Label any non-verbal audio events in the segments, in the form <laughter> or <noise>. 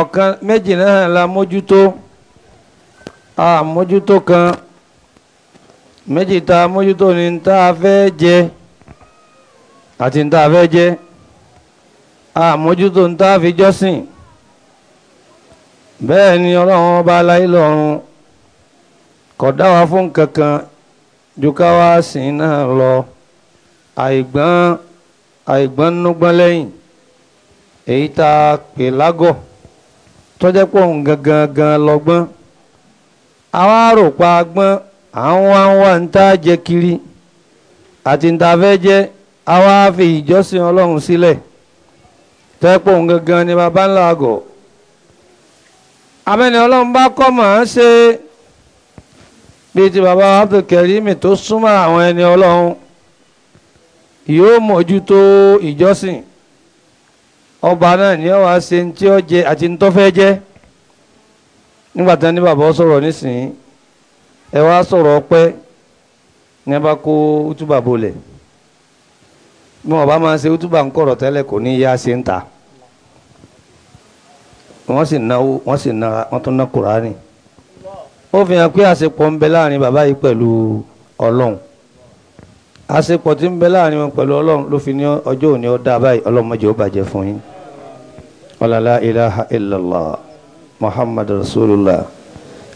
ọ̀kan méjì náà la mójútó àmójútó kan méjì tá a mójútó ni tá a fẹ́ jẹ àti tá a fẹ́ jẹ àmójútó tá a fi jọ́sìn bẹ́ẹ̀ ni ọlọ́run ọba aláyé lọ́run kò dá wa fún kankan ju ká wá sìn náà lọ àìgbọ́n àìgbọ́n núgbọ́n lẹ́yìn èyí tá pè lágọ̀ọ́. tọ́jẹ́ pé òun gangan gan lọ́gbọ́n àwa rò agbọ́n àwọn wá jẹ kiri àti ń ta fẹ́ jẹ́ fi ìjọsìn ọlọ́run sílẹ̀ pé òun gangan ni baba ńlá abẹ́ni ọlọ́run bá kọ́ màá ṣe baba tó súnmọ́ àwọn ẹni ọlọ́run yóò mójútó ìjọsìn. ọba náà ni ọ wá ṣe ní tí ó jẹ àti ní tó fẹ́ jẹ nígbà tán ní bàbá ọ sọ̀rọ̀ nísìnyí ẹ wá sọ̀rọ̀ ọpẹ́ ní ẹ bá kó útúbà bolẹ̀ bí wọn bá máa ṣe útúbà ń kọ̀rọ̀ tẹ́lẹ̀ kò ní yá ṣe ń ta wọ́n sì náwó wọ́n sì ná wọ́n tún ná kùránì ó fi hàn pé àṣepọ̀ ń bẹ láàrin bàbá yìí pẹ̀lú ọlọ́run àṣepọ̀ tí ń bẹ láàrin wọn pẹ̀lú ọlọ́run ló fi ní ọjọ́ òní ó báyìí ọlọ́mọdé ó bàjẹ́ fún yín wala la ilaha illallah muhammad rasulullah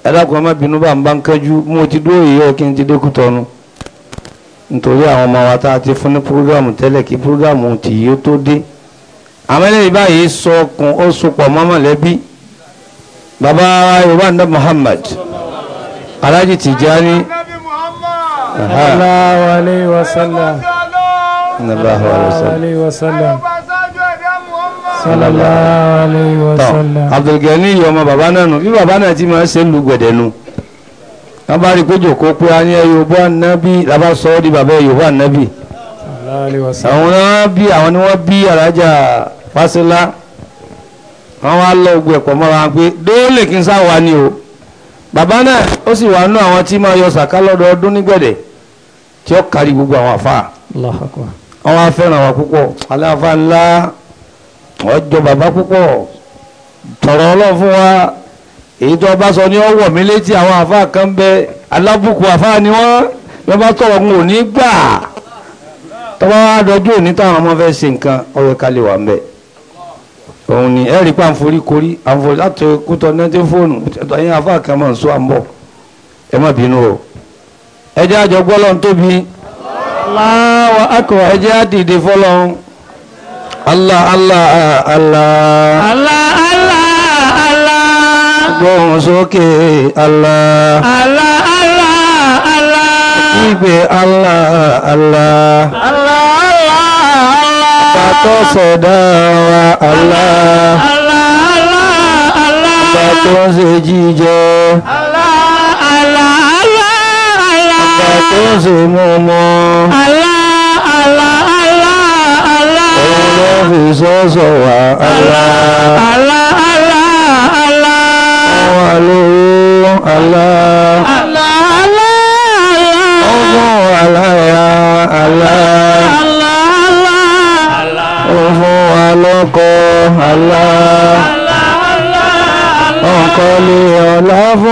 ẹ dákun ọmọ bínú bá ń bá ń kẹjú mo ti dúró yìí ọ kí n ti dé Kútọ́nù nítorí àwọn ọmọ wa tá a ti fún ní púrógámù tẹ́lẹ̀ kí púrógámù tì yí ó tó dé àwọn eléyìí báyìí sọ ọkùn ó sopọ̀ mọ́ mọ̀lẹ́bí baba yorùbá ndé muhammad alhaji tijani sallallahu alaihi wasallam sallallahu alaihi wasallam sallallahu alayhi wa sallam. Abdulgani yìí ọmọ bàbá náà nù bí bàbá náà ti máa ṣe ń lu gbẹ̀dẹ̀nu wọ́n bá rí péjò kó pé a ní ẹyọ bọ́ ànábì làbá sọ ọ́ di bàbá ẹyọ bọ́ ànábì. àwọn náà bí àwọn ni wọ́n bí alájà fásilá wọ́n wá lọ ogun ẹ̀pọ̀ mọ́ra wọn pé dóòlè kí n sá wa ni o bàbá náà ó sì wà nú àwọn tí máa yọ sàká lọ́dọọdún nígbẹ̀dẹ̀ tí ó kárí gbogbo àwọn àfa. wọ́n wá wa púpọ̀ aláfa ńlá ọjọ́ bàbá púpọ̀ tọ̀rọ ọlọ́run fún wa èyí tó bá sọ ní ọwọ́ mi létí àwọn àfa kan bẹ alábùkù àfa ni wọ́n wọ́n bá tọ̀rọ̀ ń ò ní gbà tọ́ba wa dọjú òní táwọn ọmọ fẹ́ ṣe nǹkan ọyọ kalẹ̀ wà ń bẹ̀ òun ni ẹ̀rí pa àǹforí korí àǹforí láti kútọ nẹ́tí fóònù ẹ̀yìn àfa kan mọ̀ ń sọ ẹ má bínú o ẹ jẹ́ àjọgbọ́lọ́n tóbi láwọ̀ akọ̀ ẹ jẹ́ àdìdè fọlọ́run. Allah Allah Allah Allah Allah Allah gbóhùn sókè Allah Allah Allah Allah ìgbé Allah Allah Allah Allah Allah bàtọ́ sẹ̀dá wa Allah Allah Allah Allah bàtọ́ ṣe jíjẹ Allah Allah Allah Allah bàtọ́ ṣe mọ́mọ́ Allah Allah. Allahu sọ́sọ̀ wà Allah. Allah Allah Allah. Oh àlọ́ Allah. Allah Allah Allah. Oh Allah, Allah. Allah Allah. Ọwọ́ àlọ́kọ̀ Allah. Allah Allah. Allah, Allah, ọ̀la fún.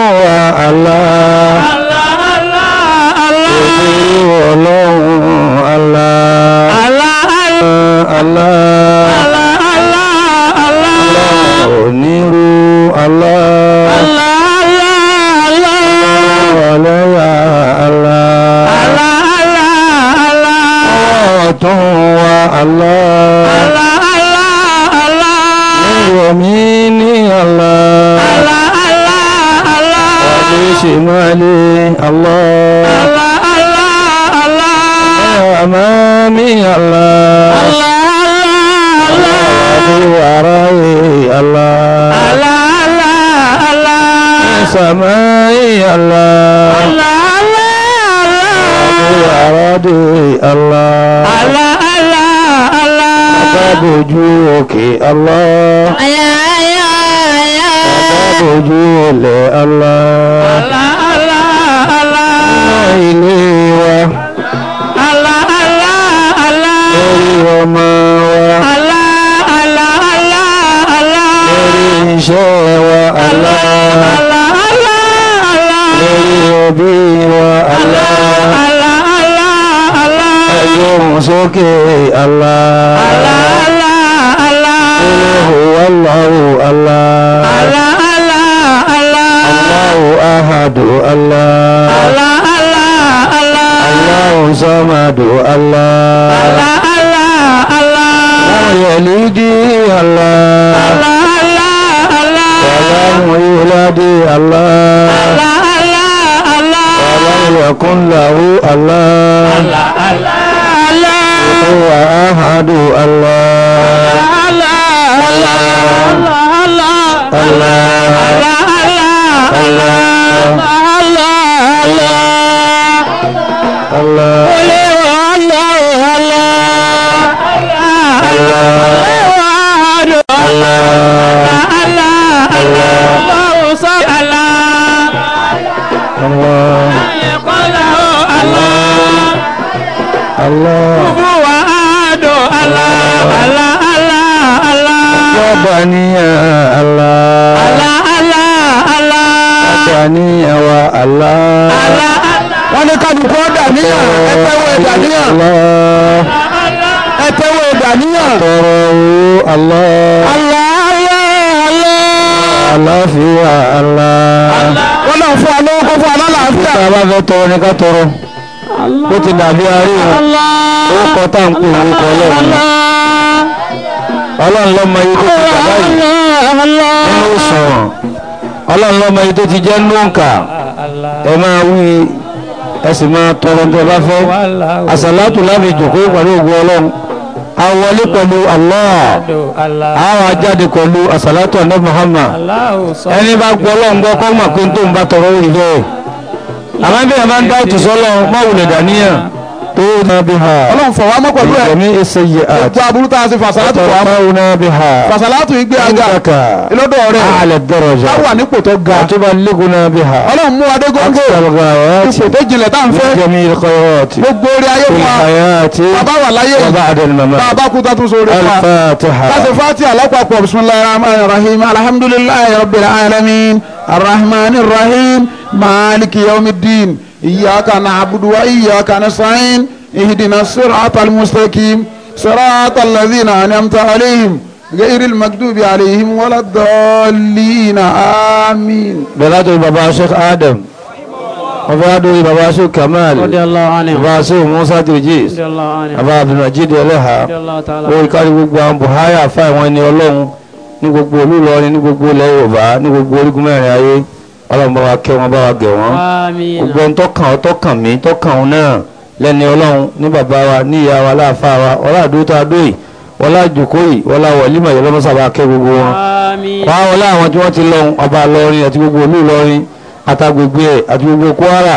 إله الله الله الله هو أحد الله الله الله الله الله الله الله الله الله الله الله gbogbo wa dọ̀ alá alá alá alá. ọ̀pọ̀ ni alá. alá alá alá. ọ̀pọ̀ ni ẹwà alá. alá alá. wọ́n ní kálukú ọ̀dà níyàn ẹgbẹ́wò ẹ̀dà níyàn. ẹgbẹ́wò ẹ̀dà níyàn. tọrọ owó alá. alá alá alá. aláfíà alá. wọ́n náà fún alówó kó fún alálàáfíà. tá a bá tọrọ ni ká tọrọ ó ti dàbí aríwo ó kọ tá à ń pè orúkọ ọlọ́run ọlọ́run lọ́mọ yìí tó ti bàbá yìí nínú òṣùwọ̀n ọlọ́run lọ́mọ yìí tó ti jẹ́ lóǹkà ẹ máa wí ẹ sì máa tọrọ bí ẹ bá fẹ́ àṣàlátù láti jòkó pẹ̀lú ògùn ọlọ́run a wọlé pẹ̀lú Allah a wà jáde pẹ̀lú àṣàlátù àná Muhammad ẹni bá gbọ́ ọlọ́run gbọ́ kọ́ mọ̀ pé tó ń bá tọrọ ìlú àmọ́ bí wọn bá ń dá ètò sọ́lọ́ mọ́ wulẹ̀ dàníyàn tó na bí ha ọlọ́run fọwọ́ mọ́ pẹ̀lú ẹ̀ ní ẹsẹ̀ yẹ àti ẹ̀kọ́ aburú tá a ṣe fàṣàlátù fọwọ́ mọ́ na bí ha fàṣàlátù ìgbé aga ìlọ́dọ̀ rẹ̀ àlẹ̀ dọ̀rọ̀jà káwà nípò tó ga àtúbà lẹ́gùn na bí ha ọlọ́run mú adé góńgó ipò tó jinlẹ̀ tá n fẹ́ gbogbo orí ayé wa bàbá wà láyé bàbá kú tàtún sórí wa láti fatiha مالك يوم الدين إياك نعبد وإياك نستعين اهدنا الصراط المستقيم صراط الذين أنعمت عليهم غير المكتوب عليهم ولا الضالين آمين بلاد بابا شيخ آدم أبادو بابا شيخ كمال رضي الله عنه بابا شيخ موسى ترجيس رضي الله عنه بابا عبد المجيد إليها رضي الله تعالى ويقال gbogbo بوهايا فاي وين يولون ní gbogbo olúlọrin ní gbogbo ilẹ̀ yorùbá ní gbogbo orígun mẹ́rin ayé ọlọ́run bá wa kẹ́ wọn bá wa gẹ̀ wọ́n gbogbo ohun tọ́kàn ọ tọ́kàn mí tọ́kàn òun náà lẹ́ni ọlọ́run ní bàbá wa ní ìyá wa láàfa wa ọlá àdúrótà dóyè ọlá àjòkóyè ọlá wọlímọ̀ yẹn lọ́mọ sábà kẹ́ gbogbo wọn. wá ọlá àwọn tí wọ́n ti lọ́run ọba lọ́rin àti gbogbo olú lọ́rin àtàgbègbè ẹ̀ àti gbogbo Kwara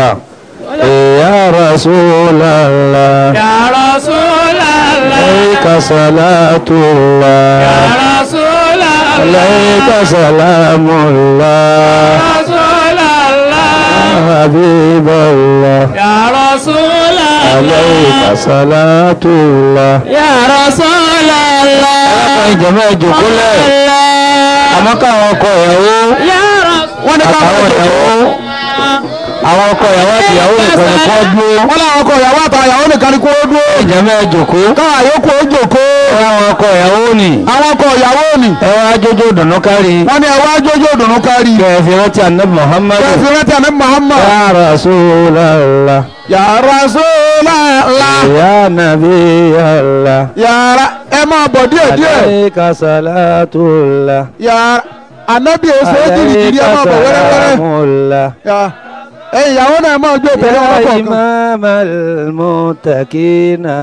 الله يا رسول الله يا رسول الله عليك صلاة الله يا رسول الله عليك سلام الله يا رسول الله حبيب الله يا رسول الله عليك صلاة الله يا رسول الله جماعة كلها أما كان يا رسول الله àwọn ọkọ ìyàwó àti ìyàwó nìkan ni kó dúró. wọ́n láwọn ọkọ ìyàwó àti ìyàwó nìkan ni kó dúró. ìjẹ́mẹ́ jòkó. káwọn àyókù ó jòkó. àwọn ọkọ ìyàwó ni. àwọn ọkọ ìyàwó ni. ẹ wá jójó dùnú kárí. wọ́n ní ẹ wá jójó dùnú kárí. kẹfì rántí anabi muhammad. kẹfì rántí anabi muhammad. ya rasulallah. ya rasulallah. ya nabi allah. yàrá ẹ máa bọ̀ díẹ̀ díẹ̀. alayka salatullah. anabi ò sẹ́yìn jìrìjìrì ẹ máa bọ̀ ìyàwó náà máa jó tẹ̀lé wọn kọ̀ọ̀kan. ìmọ̀ mọ̀tàkínà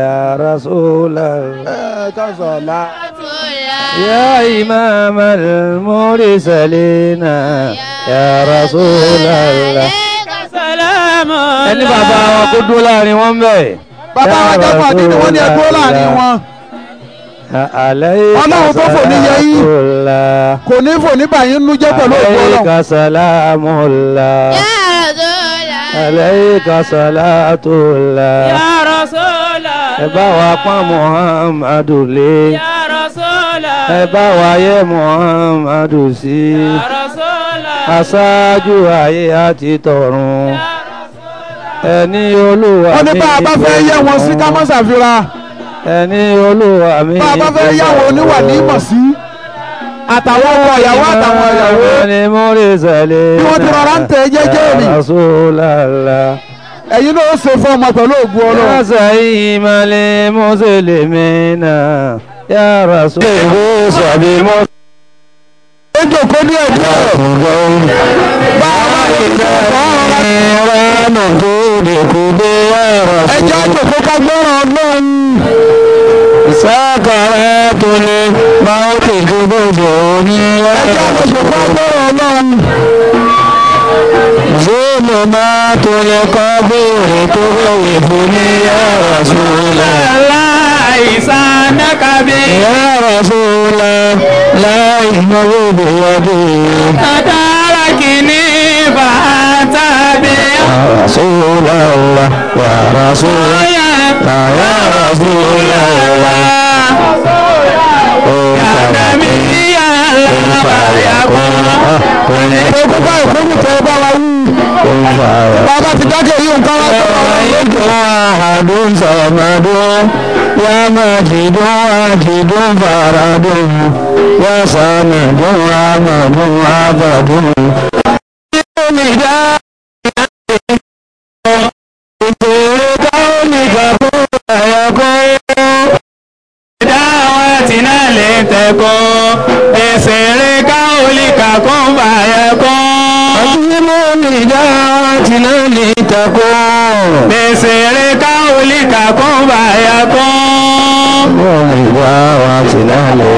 ya Rasulallah. ká sọ ọ̀la. ya imam al-mursalina ya Rasulallah. ẹni bàbá wọn kó dúró láàrin wọn bẹ́ẹ̀. bàbá wa jẹ́ fún àdéhùn wọn ni ẹ dúró láàrin wọn ọlọ́run tó fò ní yẹ yín kò ní fò ní bàyín nu jẹ́ pẹ̀lú òkú ọlọ́run. alayka salamullah. ya rasulallah. alayka salatullah. ẹ bá wa pọ́n muhammadu lé. ya rasulallah. ẹ bá wa yẹ muhammadu sí. ya rasulallah. aṣáájú ayé àti tọ̀run. ya rasulallah. ẹni olúwa ní ìjọba. ó ní bá a bá fẹ́ yẹ wọn sí ká mọ́ ṣàfihàn ẹni olúwa mi. bá a bá fẹ́ yàwó oníwà ní ìmọ̀ sí. àtàwọn ọkọ ìyàwó àtàwọn ìyàwó. ẹni mo rí sẹ́lẹ̀. bí wọ́n ti rọra ń tẹ jẹ́jẹ́ ni. àṣọlá. ẹ̀yin náà ó ṣe fún ọmọ pẹ̀lú ògùn ọlọ́run. yàtọ̀ yìí máa lè mi náà yàrá sọ. ìwé àjòkó ká gbọ́ràn ọlọ́run sọ́kọ̀rẹ́ tó ní máa ń fi gbogbo ní ẹ̀ka ìṣòfò lọ́wọ́ náà. Zéèmù máa tó ní kọ́ béèrè tó lọ́wọ́ ìbò ní ẹ̀rọ sùúrù. Ya Rasulullah láì náwó bèèrè. Tàtàrà kìíní bàá. رسول الله يا رسول الله يا رسول الله Gbogbo báyìí fún mi tẹ́ bá wa wú. Bàbá ti dákẹ́ yóò ń káwá tó wà lójú. Àdùn sọ̀mọ́dún, yá máa jìdún àjìdún fàràdùn, yá sàmìdún àmàdún àbàdùn. Ṣé mi dá? kọ́ ẹsẹ̀ rẹ̀ ká ò lè kà kán bá yẹ kọ́. ọdúnmọ́ mi dá ti náà lè takọ́. ẹsẹ̀ rẹ̀ ká ò lè kà kán bá yẹ kọ́. ọdúnmọ́ mi dá ti náà lè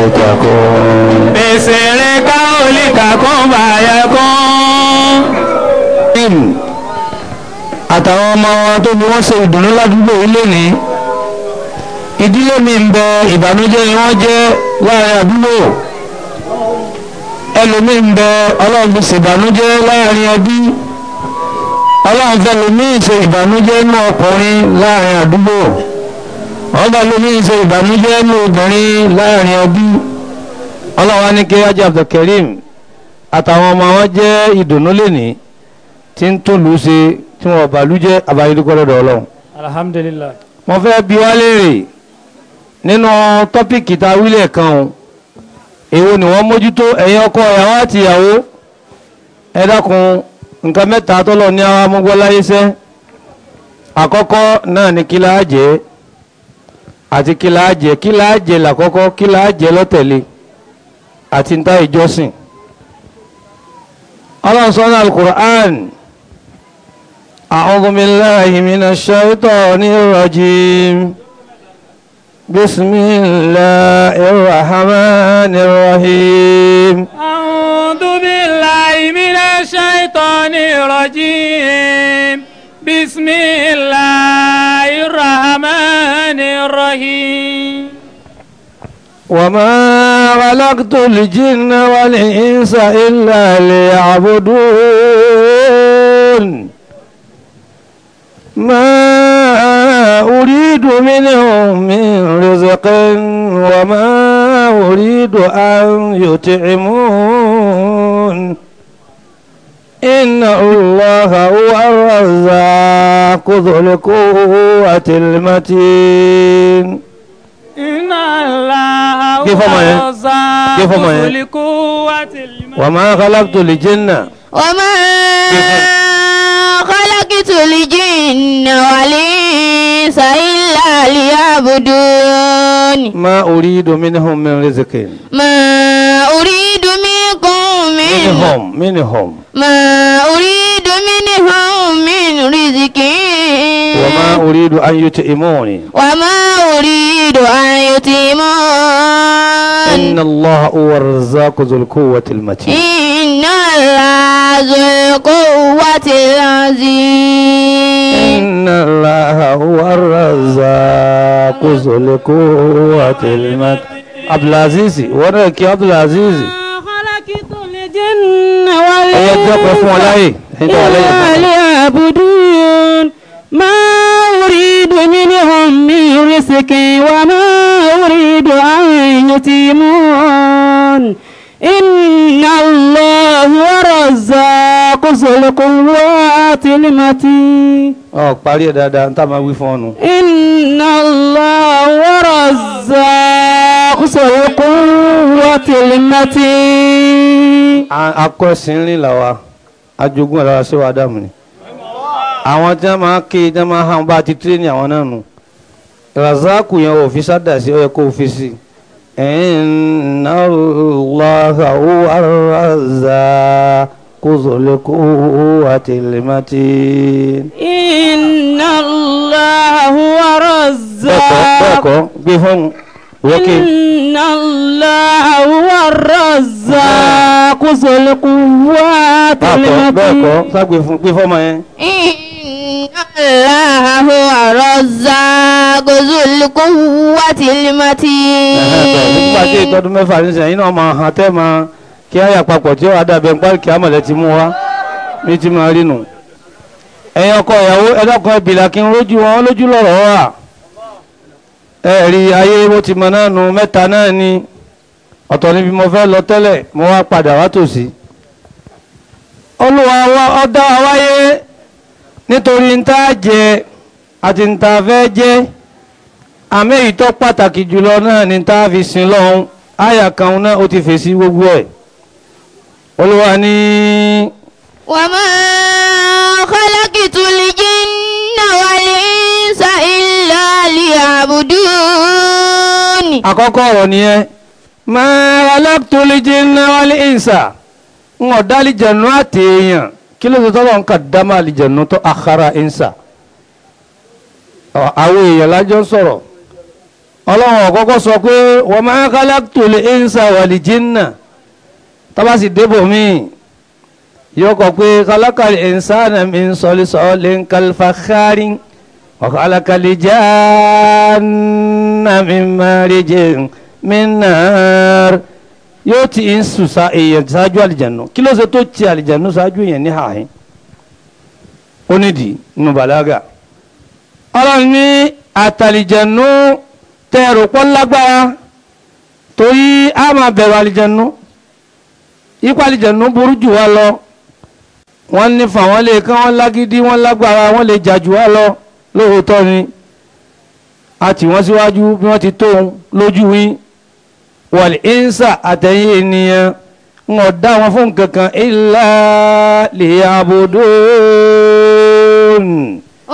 ẹsẹ̀ rẹ̀ ká ò lè bá yẹ kọ́. àtàwọn ọmọ wọn tó bí wọ́n ṣe ìdùnnú ládùúgbò ilé ni ìdílé mi ń bẹ ìbànújẹ́ ni wọ́n jẹ́ láàrin àdúgbò ẹlòmíì ń bẹ ọlọ́run fi ṣèbànújẹ́ láàrin ẹbí ọlọ́run fẹlòmíì ṣe ìbànújẹ́ inú ọkùnrin láàrin àdúgbò ọlọ́run ṣe ìbànújẹ́ inú obìnrin láàrin ẹbí ọlọ́run á ní kí wájú Abdulkareem àtàwọn ọmọ wọn jẹ́ ìdùnnú lẹ́nìí tí ń tún ṣe tí wọn ọ̀bàlú jẹ́ àbáyédúgbọ́lọ́dọ̀ ọlọ́run. alhamdulillah. mo fẹ́ bi wá léèrè nínú tọ́pìkì ta wílẹ̀ kan o èwo ni wọ́n mójútó ẹ̀yin ọkọ ìyàwó àti ìyàwó ẹ dákun nǹkan mẹ́ta tọ́lọ̀ ní àwọn amúgbọ́láyé sẹ́ àkọ́kọ́ náà ni kí láá jẹ́ àti kí láá jẹ́ kí láá jẹ́ làkọ́kọ́ kí láá jẹ́ lọ́tẹ̀lé àti níta ìjọsìn ọlọ́run sọ́nà alukur'an a'udhu billahi minash shaitani rajim. بسم الله الرحمن الرحيم أعوذ بالله من الشيطان الرجيم بسم الله الرحمن الرحيم وما خلقت الجن والإنس إلا ليعبدون ما أريد منهم من رزق وما أريد أن يطعمون إن الله هو الرزاق ذو القوة المتين إن الله هو الرزاق وما خلقت الجن وما خلقت خلقت الجن والإنس إلا ليعبدون ما أريد منهم من رزق ما أريد منكم منهم منهم ما أريد منهم من رزق وما أريد أن يطعموني وما أريد أن يطعمون inna Allaha huwa ar-razzaqu dhul quwwatil matin. inna Allaha dhul quwwatil azim. inna Allaha huwa ar-razzaqu dhul quwwatil matin. Abdulaziz wọ́n náà kí Abdulaziz. ẹ̀yẹ́ dọ́pẹ́ fún ọ láyè. ìyá àlẹ́ àbùdùn. ما أريد منهم من رزق وما أريد أن يتيمون إن الله رزاق ذو القوات المتين ọ parí ẹ dáadáa níta máa wí fún ọ nù. inna Allah wa razzaq zul quwwatil matin. akọ́sìnrin làwa ajogun ẹ̀ lára ṣé wàá dààmú ni àwọn tí wọ́n máa ké tí wọ́n máa hàn bá ti tírénì àwọn náà nù razaku yẹn ò sádà sí ó yẹ sí inna Allaha huwa ar-razzaqu dhul quwwatil matin. inna Allaha huwa ar-razzaqu. gbé fọ́ọ̀mù wókè. inna Allaha huwa ar-razzaqu dhul quwwatil matin. bẹ́ẹ̀ kọ́ yẹn. الله هو الرزاق ذو القوة المتين. nígbà tí ní náà papọ̀ tí ó adábẹ́ ń parí mú wa ní ti máa rí nù. ẹ̀yin ọkọ ìyàwó ẹ̀dọ́kan kí n wọn lójú lọ́rọ̀ wà. ayé mo ti mọ̀ náà nu ni ọ̀tọ̀ níbi mo lọ tẹ́lẹ̀ mo wá padà wá tòsí. olúwa ọ̀dá wáyé. nítorí ń tá jẹ àti ń tá fẹ́ jẹ́ àmì èyí tó pàtàkì jùlọ náà ni tá fi sin lọ́hún àyà kan náà ó ti fèsì gbogbo ẹ̀ olúwa ní. wa ma khalaqtul jinna wal insa illa liya'budun. àkọ́kọ́ ọ̀rọ̀ nìyẹn ma khalaqtul jinna wal insa ń ọ̀dálìjẹ̀nú àtẹ̀yàn kí ló ṣe tọ́lọ̀ ń kà dámà àlìjẹ̀nù tó àkàrà ẹ̀ńsà àwọn èèyàn lájọ́ sọ̀rọ̀ ọlọ́run ọ̀kọ́kọ́ sọ pé wa ma khalaqtul ẹ̀ńsà wal jinna tábàsì débò míì yóò kọ pé khalaqal insana min solsolin kal fakhari wa khalaqal janna min marjin min nar yóò ti ń sùn sa èèyàn ṣáájú àlìjànú kí ló ṣe tó ti àlìjànú ṣáájú èèyàn ní ààyè ó nídìí nínú bàlágà ọlọ́run ní àtàlìjànú tẹ̀rù pọ́ lágbára torí a máa bẹ̀rù àlìjànú ipò àlìjànú burú jù wá lọ wọ́n nífà wọ́n lè kán wọ́n lágídí wọ́n lágbára wọ́n lè jà jù wá lọ lóòótọ́ ni a tì wọ́n síwájú bí wọ́n ti tó lójú yín wal insa àtẹ̀yìn ènìyàn ń ọ̀dá wọn fún kankan illa liyabudun.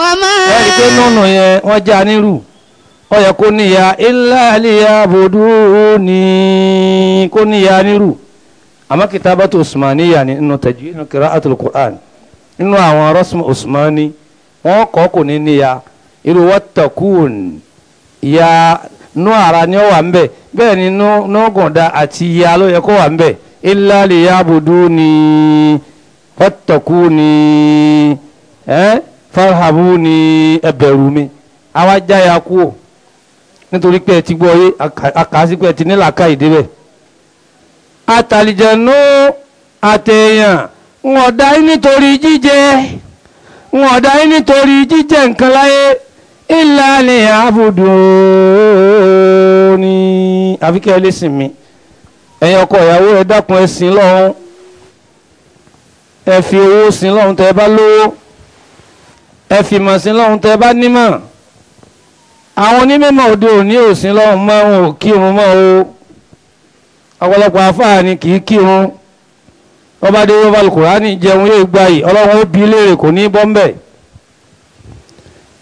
ọmọ ẹni pé nùnù yẹn wọ́n já nírù ó yẹ kó níyà illa liyabuduni kó níyà nírù àmọ́ kitabatu usmaniya ni nínú tẹ̀jú nínú qira'atul Qur'an nínú àwọn rasmu usmani wọ́n kọ́ kò ní níyà irú wattaqun ìyá nú ara ni ó wà ń bẹ̀. bẹ́ẹ̀ ni nọ́gọ̀dá àti ya ló yẹ kó wà ń bẹ̀ ilá lè ya àbùdú ni ni ni ẹbẹ̀rù mi àwa já ya kú o nítorí pé ẹ ti gbọ́ yé àkàsí pé ẹ ti nílà ká ìdí bẹ̀. àtàlìjẹ̀nú àtẹ̀yàn wọn ọ̀dá yín nítorí ilà ni àbùdù ni àfikẹ́ ẹlẹ́sìn mi ẹ̀yin ọkọ ìyàwó ẹ dákun ẹ sìn lọ́hún ẹ fi owó sìn lọ́hún tẹ́ ẹ bá lówó ẹ fìmọ̀ sìn lọ́hún tẹ́ ẹ bá nímọ̀ àwọn onímọ̀ òde òní ò sìn lọ́hún mọ́ wọn ò kírun mọ́ o ọ̀pọ̀lọpọ̀ àfáà ni kì í kírun wọ́n bá dé wọ́n bá jẹun yóò gbà ọlọ́run ó bí léèrè kò ní bọ́m̀bẹ̀ẹ́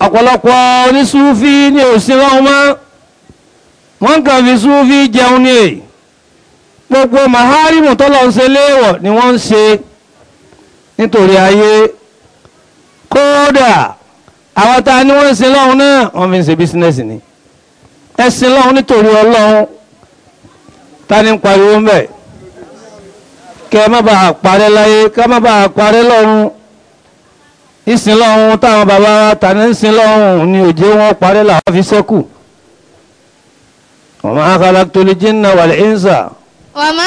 ọ̀pọ̀lọpọ̀ onísúfí ní òsìnlọ́wọ́ mọ́ wọ́n ń kàn fi súfí jẹun ní èyí gbogbo maharimu tọ́lọ̀ ń ṣe léèwọ̀ ni wọ́n ń ṣe nítorí ayé kódà àwọn ta ni wọ́n ń ṣe lọ́hun náà wọ́n fi ń ṣe bísínẹ́sì ni ẹ̀sìn lọ́hun nítorí ọlọ́hun ta ni ń pariwo ń bẹ̀ kẹ́ ẹ má bàa parẹ́ láyé kẹ́ má bàa parẹ́ lọ́run ìsìn lọ́hún táwọn bàbá tàní ìsìn lọ́hún ni òjé wọn parí làwọn fi sẹ́kù. wa ma khalaqtul jinna wal insa. wa ma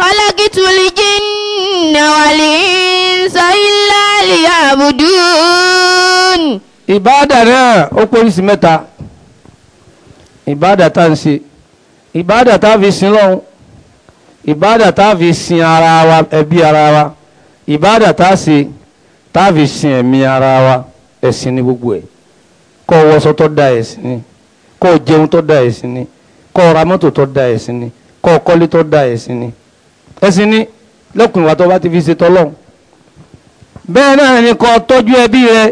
khalaqtul jinna wal insa illa liya'budun. ìbáàdà náà ó pólísì mẹ́ta ìbáàdà tá à ń ṣe ìbáàdà tá a fi sin lọ́hún ìbáàdà tá a fi sin ara wa ẹbí ara wa ìbáàdà tá a ṣe táàfì sin ẹ̀mí ara wa ẹ̀sìn ni gbogbo ẹ̀ kọ́ wọṣọ tó da ẹ̀sìn ni kọ́ jẹun tó da ẹ̀sìn ni kọ́ ra mọ́tò tó da ẹ̀sìn ni kọ́ kọ́lé tó da ẹ̀sìn ni ẹ̀sìn ni lẹ́kùn ìwà tó bá ti fi ṣe tọ́lọ́hún bẹ́ẹ̀ náà ni kọ́ tọ́jú ẹbí rẹ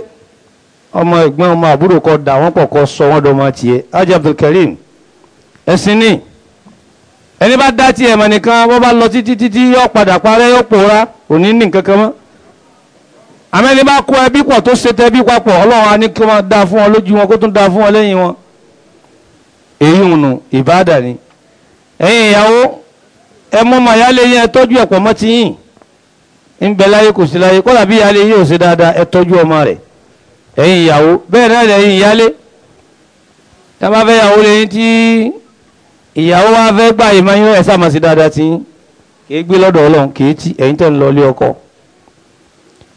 ọmọ ẹ̀gbọ́n ọmọ àbúrò kọ́ da wọ́n pọ̀ kọ́ sọ wọ́n dọ́mọ tiẹ̀ ajá Abdulkareem ẹ̀sìn ni ẹni bá dá tiẹ̀ mọ̀ nìkan wọ́n bá lọ títí títí yọ padà parẹ́ yọ pòórá òní ní nǹkan kan mọ́ àmẹ́ni bá kó ẹbí pọ̀ tó ṣe tẹ́bí papọ̀ ọlọ́run á ní kí wọ́n dáa fún wọn lójú wọn kó tún dáa fún wọn lẹ́yìn wọn èyí ń nu ìbáàdà ni ẹ̀yin ìyàwó ẹ mú màá yálé yín ẹ tọ́jú ẹ̀pọ̀ mọ́ ti yìn ń bẹ láyé kò sí láyé kọ́lá bí yálé yín ò ṣe dáadáa ẹ tọ́jú ọmọ rẹ̀ ẹ̀yin ìyàwó bẹ́ẹ̀ náà ni ẹ̀yin ìyálé tá bá fẹ́ yàwó lẹ́yìn tí ìyàwó wa fẹ́ gbà ìmọ̀ yín ẹ̀ sàmọ̀ sí dáadáa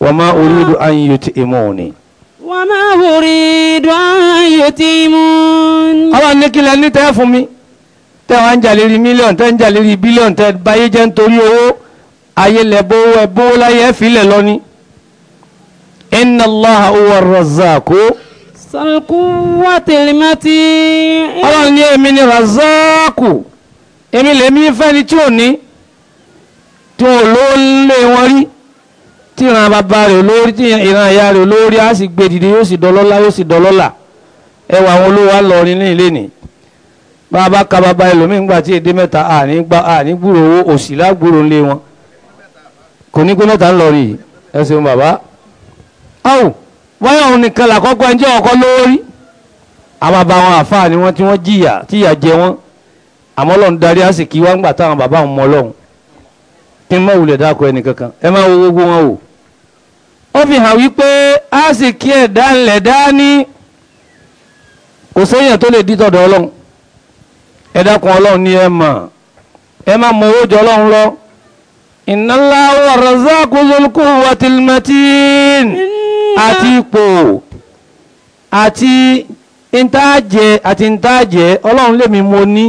وما أريد أن يطعموني وما أريد أن يطعمون àwọn ní kí lẹ ní tẹ́ fún mi tẹ́ wá ń jà lérí mílíọ̀n tẹ́ ń jà lérí bílíọ̀n tẹ́ báyé jẹ́ nítorí owó ayé lẹ́bọ̀ owó ẹ̀bọ̀ owó láyé ẹ̀ fílẹ̀ lọ́ní. inna Allaha huwa razzaq. salkuwatil mati. ọlọ́run ní èmi ni razaku èmi lèmi fẹ́ni tí ò ní tí ò ló ń lé wọn rí tí ìran bàbá rẹ̀ olórí tí ìran ìyá rẹ̀ olórí á sì gbé dìde yóò sì dọlọ́lá yóò sì dọlọ́là ẹwà àwọn olówó àlọ́rin ní ilé ni bàbá ka bàbá ẹlòmíín gbà tí èdè mẹ́ta àní gbà àní gbúrò owó òsì lágbúrò ńlé wọn kò ní pé mẹ́ta ń lọ rí ẹ ṣeun bàbá. áwò wáyà òun nìkan làkọ́kọ́ ẹjẹ́ ọkọ lórí àwọn bàbá wọn àfáà ni wọ́n tí wọ́n jìyà tíyà jẹ wọ́n àmọ́ lọ́n darí àsìkí wá ń gbà táwọn bàbá wọn mọ́ lọ́hùn kí n má wulẹ̀ dáko ẹnì kankan ẹ má wo gbogbo wọn wò ó fi hàn wípé a sì kí ẹ̀dá ńlẹ̀ dání kò séèyàn tó lè dítọ̀dọ̀ ọlọ́run ẹ̀dá kan ọlọ́run ni ẹ mọ̀ ẹ má mọ owó jọ ọlọ́run lọ. inna Allaha huwa razzaqu dhul quwwatil matin àti ipò àti ntaajẹ àti ntaajẹ ọlọ́run lèmi mo ní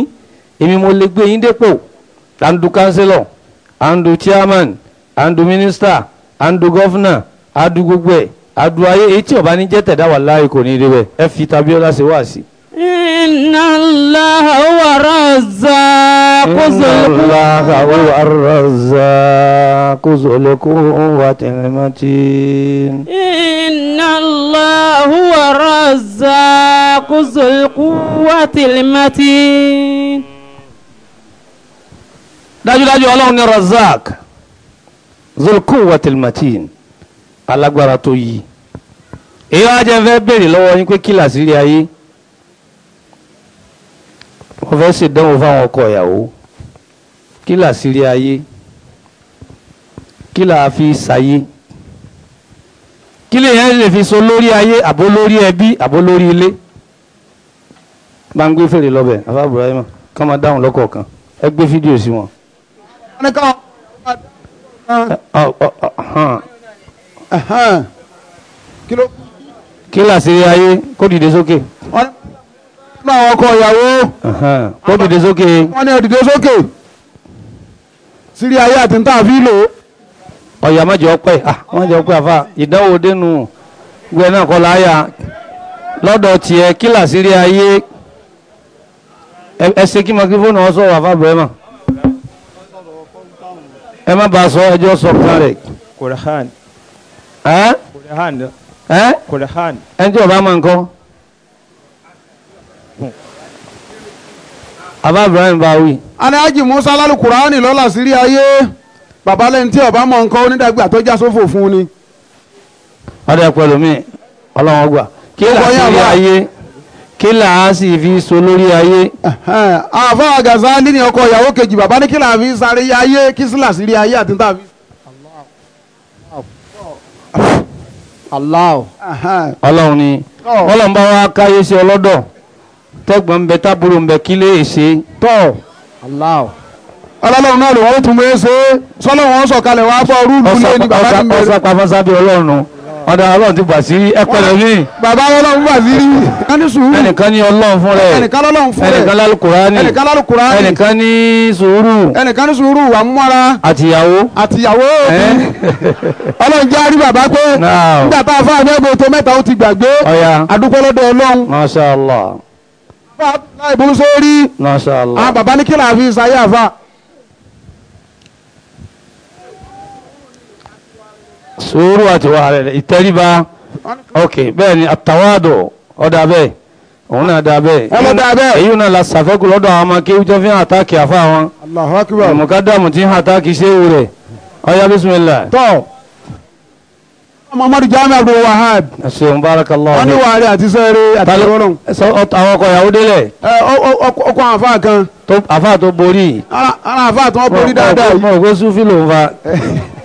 èmi mo lè gbé yín dépò à kánsílọ̀ à chairman à ń du minister à governor adu gbogbo ẹ̀ adu ayé èyí tí ọba ní jẹ́ tẹ̀dá wà láàyè kò ní débẹ̀ ẹ fi tabiola ṣe wá sí. inna Allaha huwa razzaqu zul quwwati. inna Allaha huwa razzaqu zul quwwati matin. inna Allaha huwa razzaqu zul quwwati matin. dájúdájú ọlọ́run ní razak zul quwwati matin alágbára tó yí èyí wá jẹ́ fẹ́ béèrè lọ́wọ́ yín pé kí làṣírí ayé wọ́n fẹ́ ṣèdánwò fáwọn ọkọ ìyàwó kí làṣírí ayé kí làá fi ṣayé kí lèèyàn lè fi so lórí ayé àbó lórí ẹbí àbó lórí ilé bá ń fèrè lọ́bẹ̀ afa Ibrahim kọ́ máa dáhùn lọ́kọ̀ọ̀kan ẹ gbé fídíò sí wọn kí làṣírí ayé kó dìde sókè. wọ́n ní àwọn ọkọ ìyàwó. kó dìde sókè. wọ́n ní ọ̀dìde sókè. sírí ayé àti ní tàbí lò. ọ̀yà má jẹ́ ọpẹ́ ah, má jẹ́ ọpẹ́ àfa ìdánwò dénú gbẹ náà kọ́ láyà lọ́dọ̀ tiẹ̀ kí làṣírí ayé ẹ ṣe kí mọ́kífóònù wọn sọ̀rọ̀ àfa bẹ́ẹ̀ mọ̀ ẹ má bàa sọ ẹjọ́ sọ̀kan rẹ̀. kùrán Eh? Eh? ẹni tí o bá mọ nǹkan baba ibrahim bawi. anájì musa lálù kùránì lọ́la sírí aye, bàbá lẹ́ni tí o bá mọ nǹkan onídàgbà tó ni. mi ọlọ́wọ́n gbà kí làásì ayé kí fi so lórí ayé. fi sari Allah ọlọ́run ni ọlọ́run bá wá káyé sí ọlọ́dọ̀ tẹ́gbọ̀n ń bẹ tábúrò ń bẹ kí lè ṣe tọ́ Allah ọlọ́run náà lè wọ́n tún mú ẹ ṣe sọ́lọ́run wọn sọ̀kalẹ̀ wá fọ́ rúùlù lé bàbá mi. ọ̀sàpá fọ́nsábí ọlọ́run ọ̀dọ̀ ọlọ́run ti bàṣírí ẹ pẹ̀lẹ́ mi. bàbá ọlọ́run bàṣírí. ká ní sùúrù. ẹnìkan ní ọlọ́run fún rẹ̀. ẹnìkan lọ́lọ́run fún rẹ̀. ẹnìkan lálùkùránì. ẹnìkan lálùkùránì. ẹnìkan ní sùúrù. ẹnìkan ní sùúrù wà mú ara. àtìyàwó. àtìyàwó. <laughs> ọlọ́run jẹ́ àrí bàbá pé. nígbà tá a fọ́ àmì ẹgbẹ́ tó mẹ́ta ó ti gbàgbé. ọ̀ya adúpẹ́ ọlọ́run. masha allah. bàbá ibùsọ̀ rí. masha allah. àwọn bàbá ní kí sùúrù àti wàhálà rẹ̀ ìtẹríba ok bẹ́ẹ̀ ni àtàwádò ọ̀dà bẹ́ẹ̀ òun náà da bẹ́ẹ̀. ọmọ da bẹ́ẹ̀. èyí náà la sàfẹ́kù lọ́dọ̀ àwọn ọmọ kéwú tó fi hàn àtàkì àfa wọn. Allahu akbar. mùkádàmù ti hàn àtàkì ṣéwù rẹ̀ ọ̀yá bísímillah. tọ́ Muhammadu Jami Abdul Wahab. ṣeun baraka allah. wọ́n ní wàhálì àti sẹ́ẹ̀rẹ́ àti rọ́lọ́n. àwọn ọkọ̀ ìyàwó délẹ̀. ọkọ̀ àfa kan. àfa tó borí. ara àfa tó borí dáadáa. mo rò pé sufi ló ń fa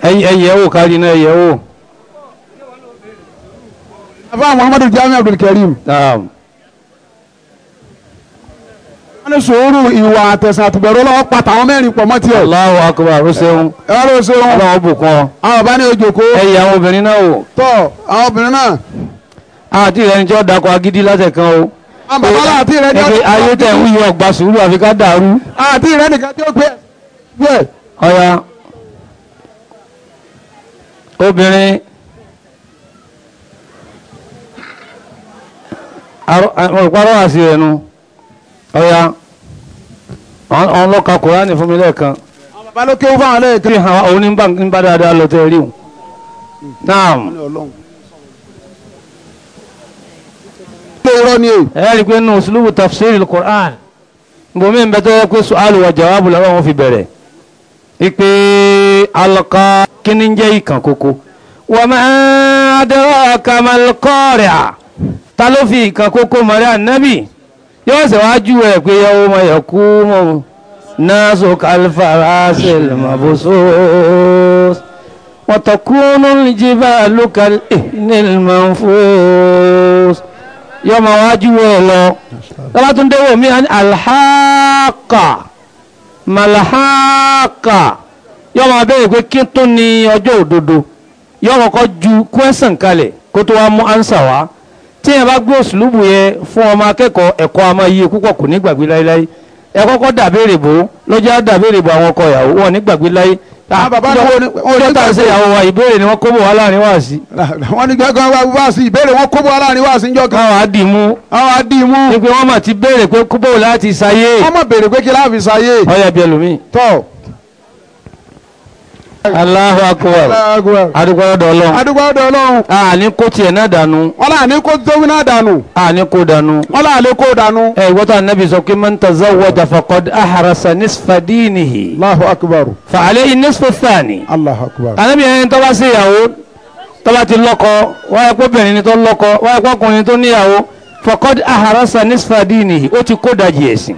ẹyẹ wò kárí náà ẹyẹ wò. àfa Muhammadu Jami Abdul Karim. naam. ní sùúrù ìwà àtẹ̀sán àtùbẹ̀rù pàtà àwọn mẹ́rin pọ̀ mọ́ tiẹ̀. Allahu akbar ó ṣeun. ẹ wá ṣeun. bùkún àwọn ọba ní ojoko. ẹ àwọn obìnrin náà wò. tọ àwọn obìnrin náà. àti agídí kan o. àti ayé tẹ̀ ń yọ ọgbà sùúrù àfi ká dàrú. àti tí ó gbé. obìnrin ọ̀yà àwọn ọlọ́ka kùránì fún mi lẹ́ẹ̀kan bá ló kéwú fáwọn lẹ́yìn tó hàn òun ní bá ń bá dáadáa lọ tẹ́ rí òun náà. ẹ rí i pé nù sùlùbù tafsiril Qur'an bomi ń bẹ tó yẹ pé su'alu wa jawabu làwọn wọn fi bẹ̀rẹ̀ ipe alaka kíní jẹ́ ìkàn kókó wa ma adraka mal qari'a ta ló fi ìkàn kókó yóò ṣe wá jù ẹ̀ pé yọ ọmọ yẹ kú mọ́ náàsù kálífàrà sílùmọ̀ bó so wọ́n tọkúnú jìbá lókàl nílùmọ̀ fòs yọ ọmọ wá jù ẹ̀ lọ lọ́wọ́ tó ń dẹ́wọ̀ mí alhaqa malhaqa yọ ọmọ abẹ́rẹ́ pé kí tó ní òdodo yọ ọmọ ju kwẹ́sàn kalẹ̀ kó tó mú ansa wá tí yẹn bá gbé òṣùlùbù yẹn fún ọmọ akẹ́kọ̀ọ́ ẹ̀kọ́ a máa yíye púpọ̀ kò ní gbàgbé láéláé ẹ kọ́kọ́ dàbéèrè bò ó lọ́jọ́ á dàbéèrè bò àwọn ọkọ ìyàwó wọn ní gbàgbé láé ọjọ́ tá a ṣe ìyàwó wa ìbéèrè ni wọ́n kó bò wá láàrin wá sí. wọ́n ní gbẹ́gbẹ́ wá wá sí ìbéèrè wọ́n kó bò wá láàrin wá sí njọ́ kan. àwọn àdìmú. àwọn àdìmú. ni pé wọ́n mà ti béèrè pé kúbò láti ṣayé. wọ́n mà béèrè pé kí láàfin ṣayé. ọyọ ibi ẹlòmíì. tọ́ Allahu akbar. Adúgbọ́dọ̀ ọlọ́run. Adúgbọ́dọ̀ ọlọ́run. Àní kó tiẹ̀ náà dànù. Ọlá àní kó tóbi náà dànù. Àní kó dànù. Ọlá àní kó dànù. Ẹ ìwọ́n tó ànábì sọ pé man tazawwaja faqad ahrasa nisfa dinihi. Allahu akbar. Fa alayhi nisfu thani. Allahu akbar. Ànábì yẹn tó bá sí ìyàwó tó bá ti lọ́kọ wáyé kóbìnrin tó lọ́kọ wáyé kọkùnrin tó níyàwó faqad ahrasa nisfa dinihi ó ti kó dajì ẹ̀sìn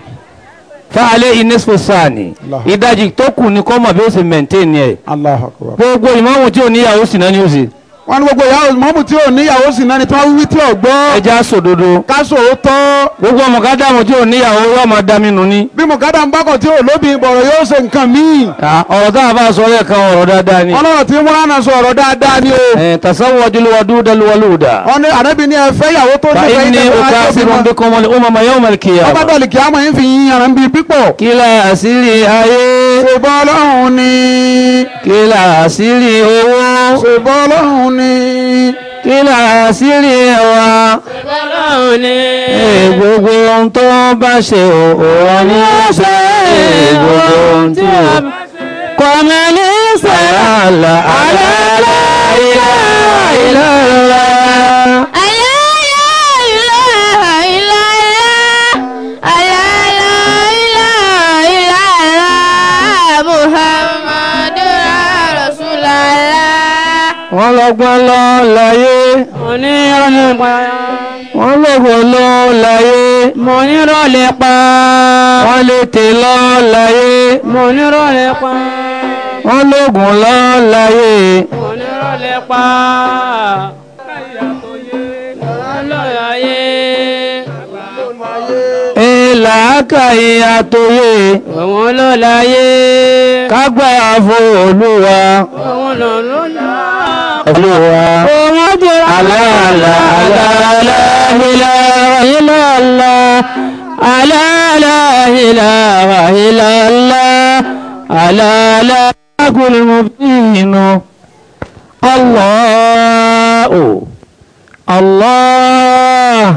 fáálé inesco sani ìdajì tó kù ni kọ́mọ̀ bí ó sì mẹ̀ntẹ́ni ẹ̀ gbogbo ìmáàmù tí ò níyàwó sì náà ni ó sì wọ́n ní gbogbo ìyá mọ́mù tí ò níyàwó sì náà ni tí wọ́n wí tí ò gbọ́. ẹ já sòdodo. ká sòótọ́. gbogbo mọ̀gádàmù tí ò níyàwó yóò máa dá mi nù ni. bí mọ̀gádàmù bá kọ̀ tí ò lóbi ìbọ̀rọ̀ yóò ṣe nǹkan míì. ọ̀rọ̀ tá a bá sọ ẹ̀ kan ọ̀rọ̀ dáadáa ni. ọlọ́run tí wọ́n á sọ ọ̀rọ̀ dáadáa ni o. ẹ tasawo ajuliwadu ṣùgbọ́n ọlọ́run mi. kíláàsì rí ẹ wá. ọlọ́run ni. gbogbo ohun tó bá ṣe òun ni ó ṣe gbogbo ohun tí ó bá ṣe. kọ́mẹ́ ní sẹ́yà àlàálẹ́ ilẹ̀ ilẹ̀ ọlọ́gbọ́n lọ láyé. mo ní ìrọ̀lẹ́ pa. wọ́n lọ́gbọ́n lọ láyé. mo ní ìrọ̀lẹ́ pa. wọ́n lè tè lọ láyé. mo ní ìrọ̀lẹ́ pa. wọ́n lọ́gbọ́n lọ láyé. mo ní ìrọ̀lẹ́ pa. làákàyè àtòyè. òun ló láyé. kágbà fún olúwa. òun ló أهلها على لا لا لا إله إلا الله على لا إله إلا الله على لا المبين الله الله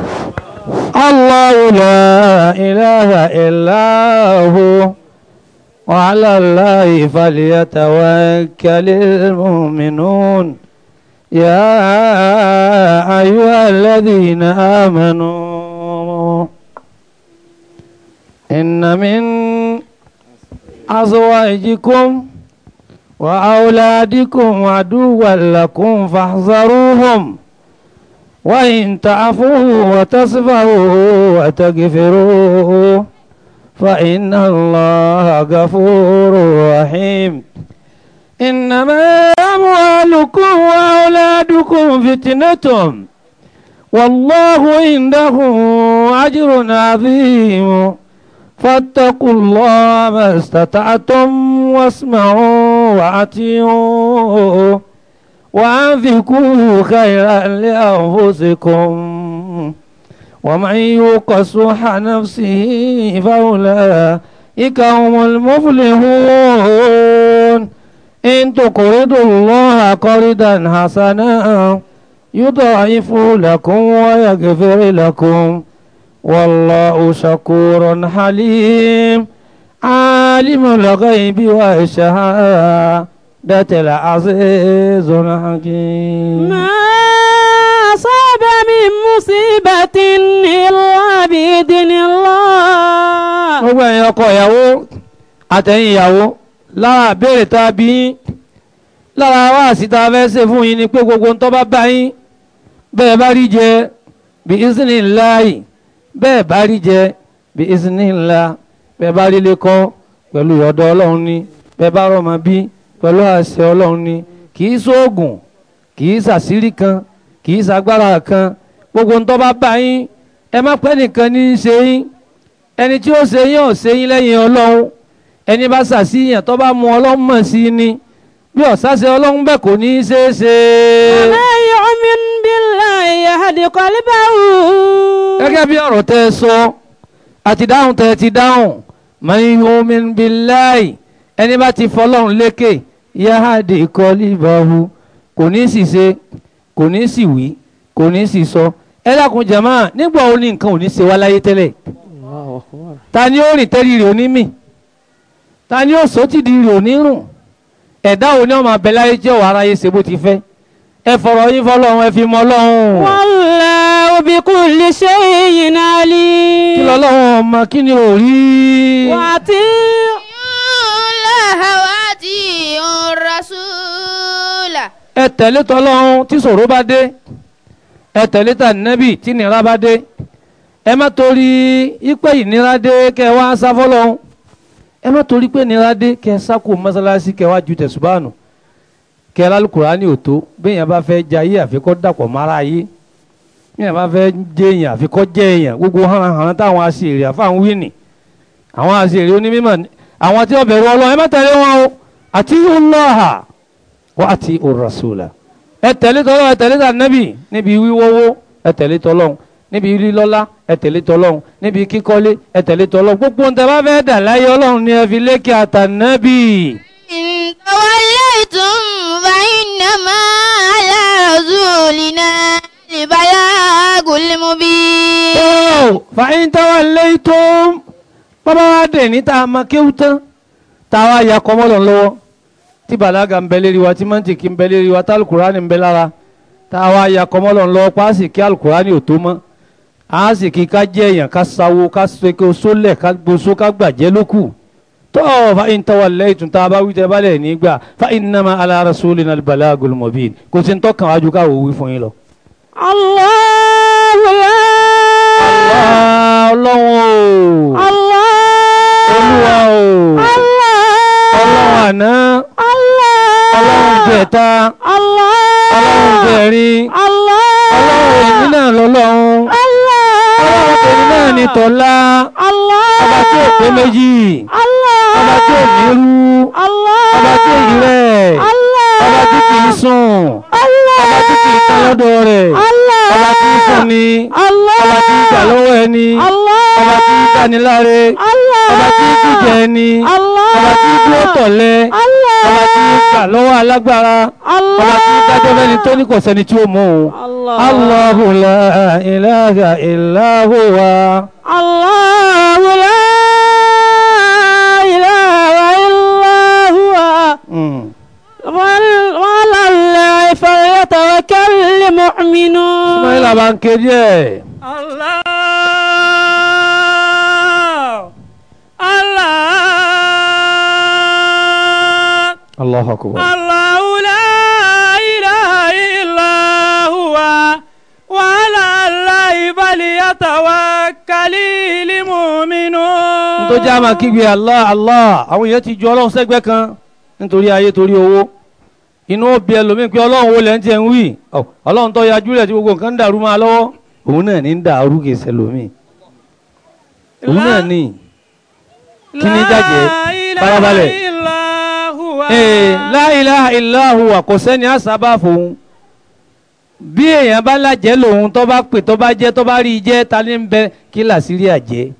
الله لا إله إلا هو وعلى الله فليتوكل المؤمنون يا أيها الذين آمنوا إن من أزواجكم وأولادكم عدوا لكم فاحذروهم وإن تعفوا وتصفحوا وتغفروا فإن الله غفور رحيم إنما أموالكم وأولادكم فتنة والله عنده أجر عظيم فاتقوا الله ما استطعتم واسمعوا وأطيعوا وأنفقوا خيرا لأنفسكم ومن يوق شح نفسه فأولئك هم المفلحون إن تقرضوا الله قرضا حسنا يضاعف لكم ويغفر لكم والله شكور حليم عالم الغيب والشهادة العزيز الحكيم ما أصاب من مصيبة إلا بإذن الله. gbogbo ẹ̀yin ọkọ ìyàwó àtẹ̀yìn lára àbẹ̀rẹ̀ tá a bí yín lára wáàsí tá a fẹ́ ṣe fún yín ni pé gbogbo ń tọ́ bá bá yín bẹ́ẹ̀ bá rí jẹ bí isini láàyè bẹ́ẹ̀ bá rí jẹ bí isini ńlá bẹ́ẹ̀ bá rí lẹ́kọ́ pẹ̀lú ọ̀dọ̀ ọlọ́run ni bẹ́ẹ̀ bá rọ̀mọ́ bí pẹ̀lú àṣẹ ọlọ́run ni kì í sóògùn kì í sàṣírí kan kì í sàgbára kan gbogbo ń tọ́ bá yín ẹ má pẹ́ nìkan ní í ṣe yín ẹni tí ó ṣe yín ò ṣe yín lẹ́yìn ọlọ́run ẹni bá ṣàṣìyàn tó bá mú ọlọ́mọ sí ni bí ọ̀sáṣẹ́ ọlọ́run bẹ́ẹ̀ kò ní í ṣeé ṣe. ọ̀rẹ́ yu'min billahi yahdi qalbahu. gẹ́gẹ́ bí ọ̀rọ̀ tẹ́ ẹ sọ àti dáhùn tẹ́ ẹ ti dáhùn man yu'min billahi ẹni bá ti fọlọ́run lékè yahdi qalbahu kò ní sì ṣe kò ní sì wí kò ní sì sọ ẹ dákun jàmáà nígbà wo ni nǹkan ò ní ṣe wá láyé tẹ́lẹ̀ ta ni ó rìn tẹ́lẹ̀ rè onímì ta ni ó sọ ti di rò nírùn ẹ̀dá wo ni ó máa bẹ láyé jẹ́ wàrà yé ṣe bó ti fẹ́ ẹ fọ̀rọ̀ yín fọlọ́run ẹ fi mọ ọlọ́run. wallahu bi kulli shay'in alim. kí lọ́lọ́run ọmọ kí ni ò wà á ti. láhàwátì rasúlà. ẹ tẹ̀lé tọ́lọ́run tí ṣòro bá dé ẹ tẹ̀lé tà nẹ́bì tí nira bá dé ẹ má torí ipẹ́ ìnira dé kẹ́ ẹ wá sá fọlọ́run ẹ má torí pé nira dé kẹ sáko mọ́sálásí kẹ wá ju tẹ̀sùbáànù kẹ lálùkùránì ò tó béèyàn bá fẹ́ jayé àfikọ́ dàpọ̀ mọ́ra ayé béèyàn bá fẹ́ jẹyàn àfikọ́ jẹyàn gbogbo hànàhànà táwọn aṣèrè àfáwọn wíìnì àwọn aṣèrè onímọ̀ àwọn tí wọ́n bẹ̀rù ọlọ́run ẹ má tẹ̀lé wọn o àti ọlọ́hà wọ́n àti ọ̀rọ̀sọ̀là ẹ tẹ̀lé tọ́lọ́ ẹ tẹ̀lé tànẹ́bì níbi wíwọ́wọ́ ẹ tẹ̀lé tọ́lọ́ ẹ tẹ̀lé tọlọ́run níbi kíkọ́lé ẹ tẹ̀lé tọlọ́run gbogbo ohun tẹ́ bá fẹ́ dà láyé ọlọ́run ni ẹ fi lékè àtànábì. ìtọ́wọ́lẹ́tùn fàyínàmá alárọ̀zùlìnà ìbáyà gòlímọ́bí. fàyíntàwọ́lẹ́tùn bàbá wa dẹ̀ ní tá a máa kéwú tán tá a wá ya kọ́mọ́lọ̀ lọ́wọ́ tí bàlágà ń bẹ lérí wa tí mọ́ntìkì ń bẹ lérí wa tálùkùránì ń bẹ lára tá a wá ya kọ́mọ́lọ̀ lọ́wọ́ páàsì kí àlùkùránì ò tó mọ́ a sì kí ká jẹ́ èèyàn ká sawo ká seke sólẹ̀ ká gboso ká gbàjẹ́ ló kù tó fa ìntàwà lẹ́yìn tá a bá wí tẹ́ bá lẹ̀ nígbà fa ìnàmà ala rasulina al-balagul mubin kò sí ń tọ́kàn wájú káwọ́ wí fún yín lọ. Allahu Allah ọlọ́wọ́n olúwa o. Allah àná. Allah ọlọ́wọ́n jẹta. Allah ọlọ́wọ́n èmi náà lọ́lọ́run náà ni tọ́lá ọba tí ò pé méjì ọba tí ò nírú ọba tí ò ọba tí kì í sùn ọba tí kì í tán lọ́dọ̀ rẹ̀ ọba tí í fún ni ọba tí í gbà lọ́wọ́ ẹni ọba tí í dániláre ọba tí í dìjẹ ẹni ọba tí í dúró tọ̀lẹ́ ọba tí í gbà lọ́wọ́ alágbára ọba tí í dájọ́ fẹ́ni tó ní kò sẹ́ni tí ó mú un. Allahu la ilaha illa huwa. Allahu فليتوكل المؤمنون اسماعيل بانكيري الله الله الله أكبر الله لا إله إلا هو وعلى الله فليتوكل المؤمنون. tó jẹ́ àmà kígbe Allah Allah àwọn èèyàn ti ju ọlọ́run sẹ́gbẹ́ kan nítorí ayé torí owó inú ó bí ẹlòmíì pé ọlọ́run wo lẹ́ ń tiẹ̀ ń wí ọlọ́run tó yajú rẹ̀ tí gbogbo nǹkan ń dàrú máa lọ́wọ́ òun náà ní ń dàrú kì í òun náà ní kí ni jàjẹ́ farabalẹ̀ ee la ilaha illa huwa kò sẹ́ni àṣàbà fòun bí èèyàn bá lájẹ́ lòun tó bá pè tó bá jẹ́ tó bá rí i jẹ́ ta ní ń bẹ kí làṣírí àjẹ́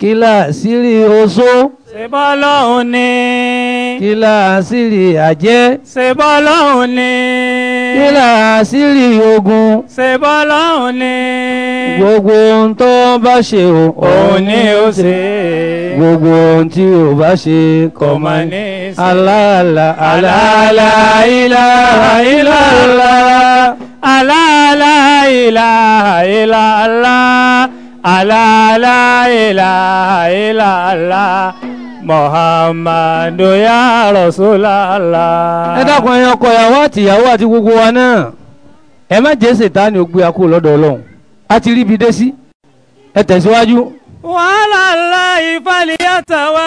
kí làṣírí oṣó. ṣe bọ́ lọ́hùn ni kí láàsìrì àjẹ́. ṣe bọ́lọ́hún ni. kí láàsìrì ogun. ṣe bọ́lọ́hún ni. gbogbo ohun tó bá ṣe o. òun ni ó ṣe. gbogbo ohun tí o bá ṣe kò má ní í ṣe. aláàlá aláàlá ilaha illallah. aláàlá ilaha illallah. aláàlá ilaha illallah. Muhammadu ya Rasulallah. ẹ dákun ẹyin ọkọ ìyàwó àtìyàwó àti gbogbo wa náà ẹ má jẹ́ sètáni ògbé akó lọ́dọ̀ ọlọ́run a ti rí ibi dé sí ẹ tẹ̀síwájú. wàhálà láì falẹ̀ àtàwà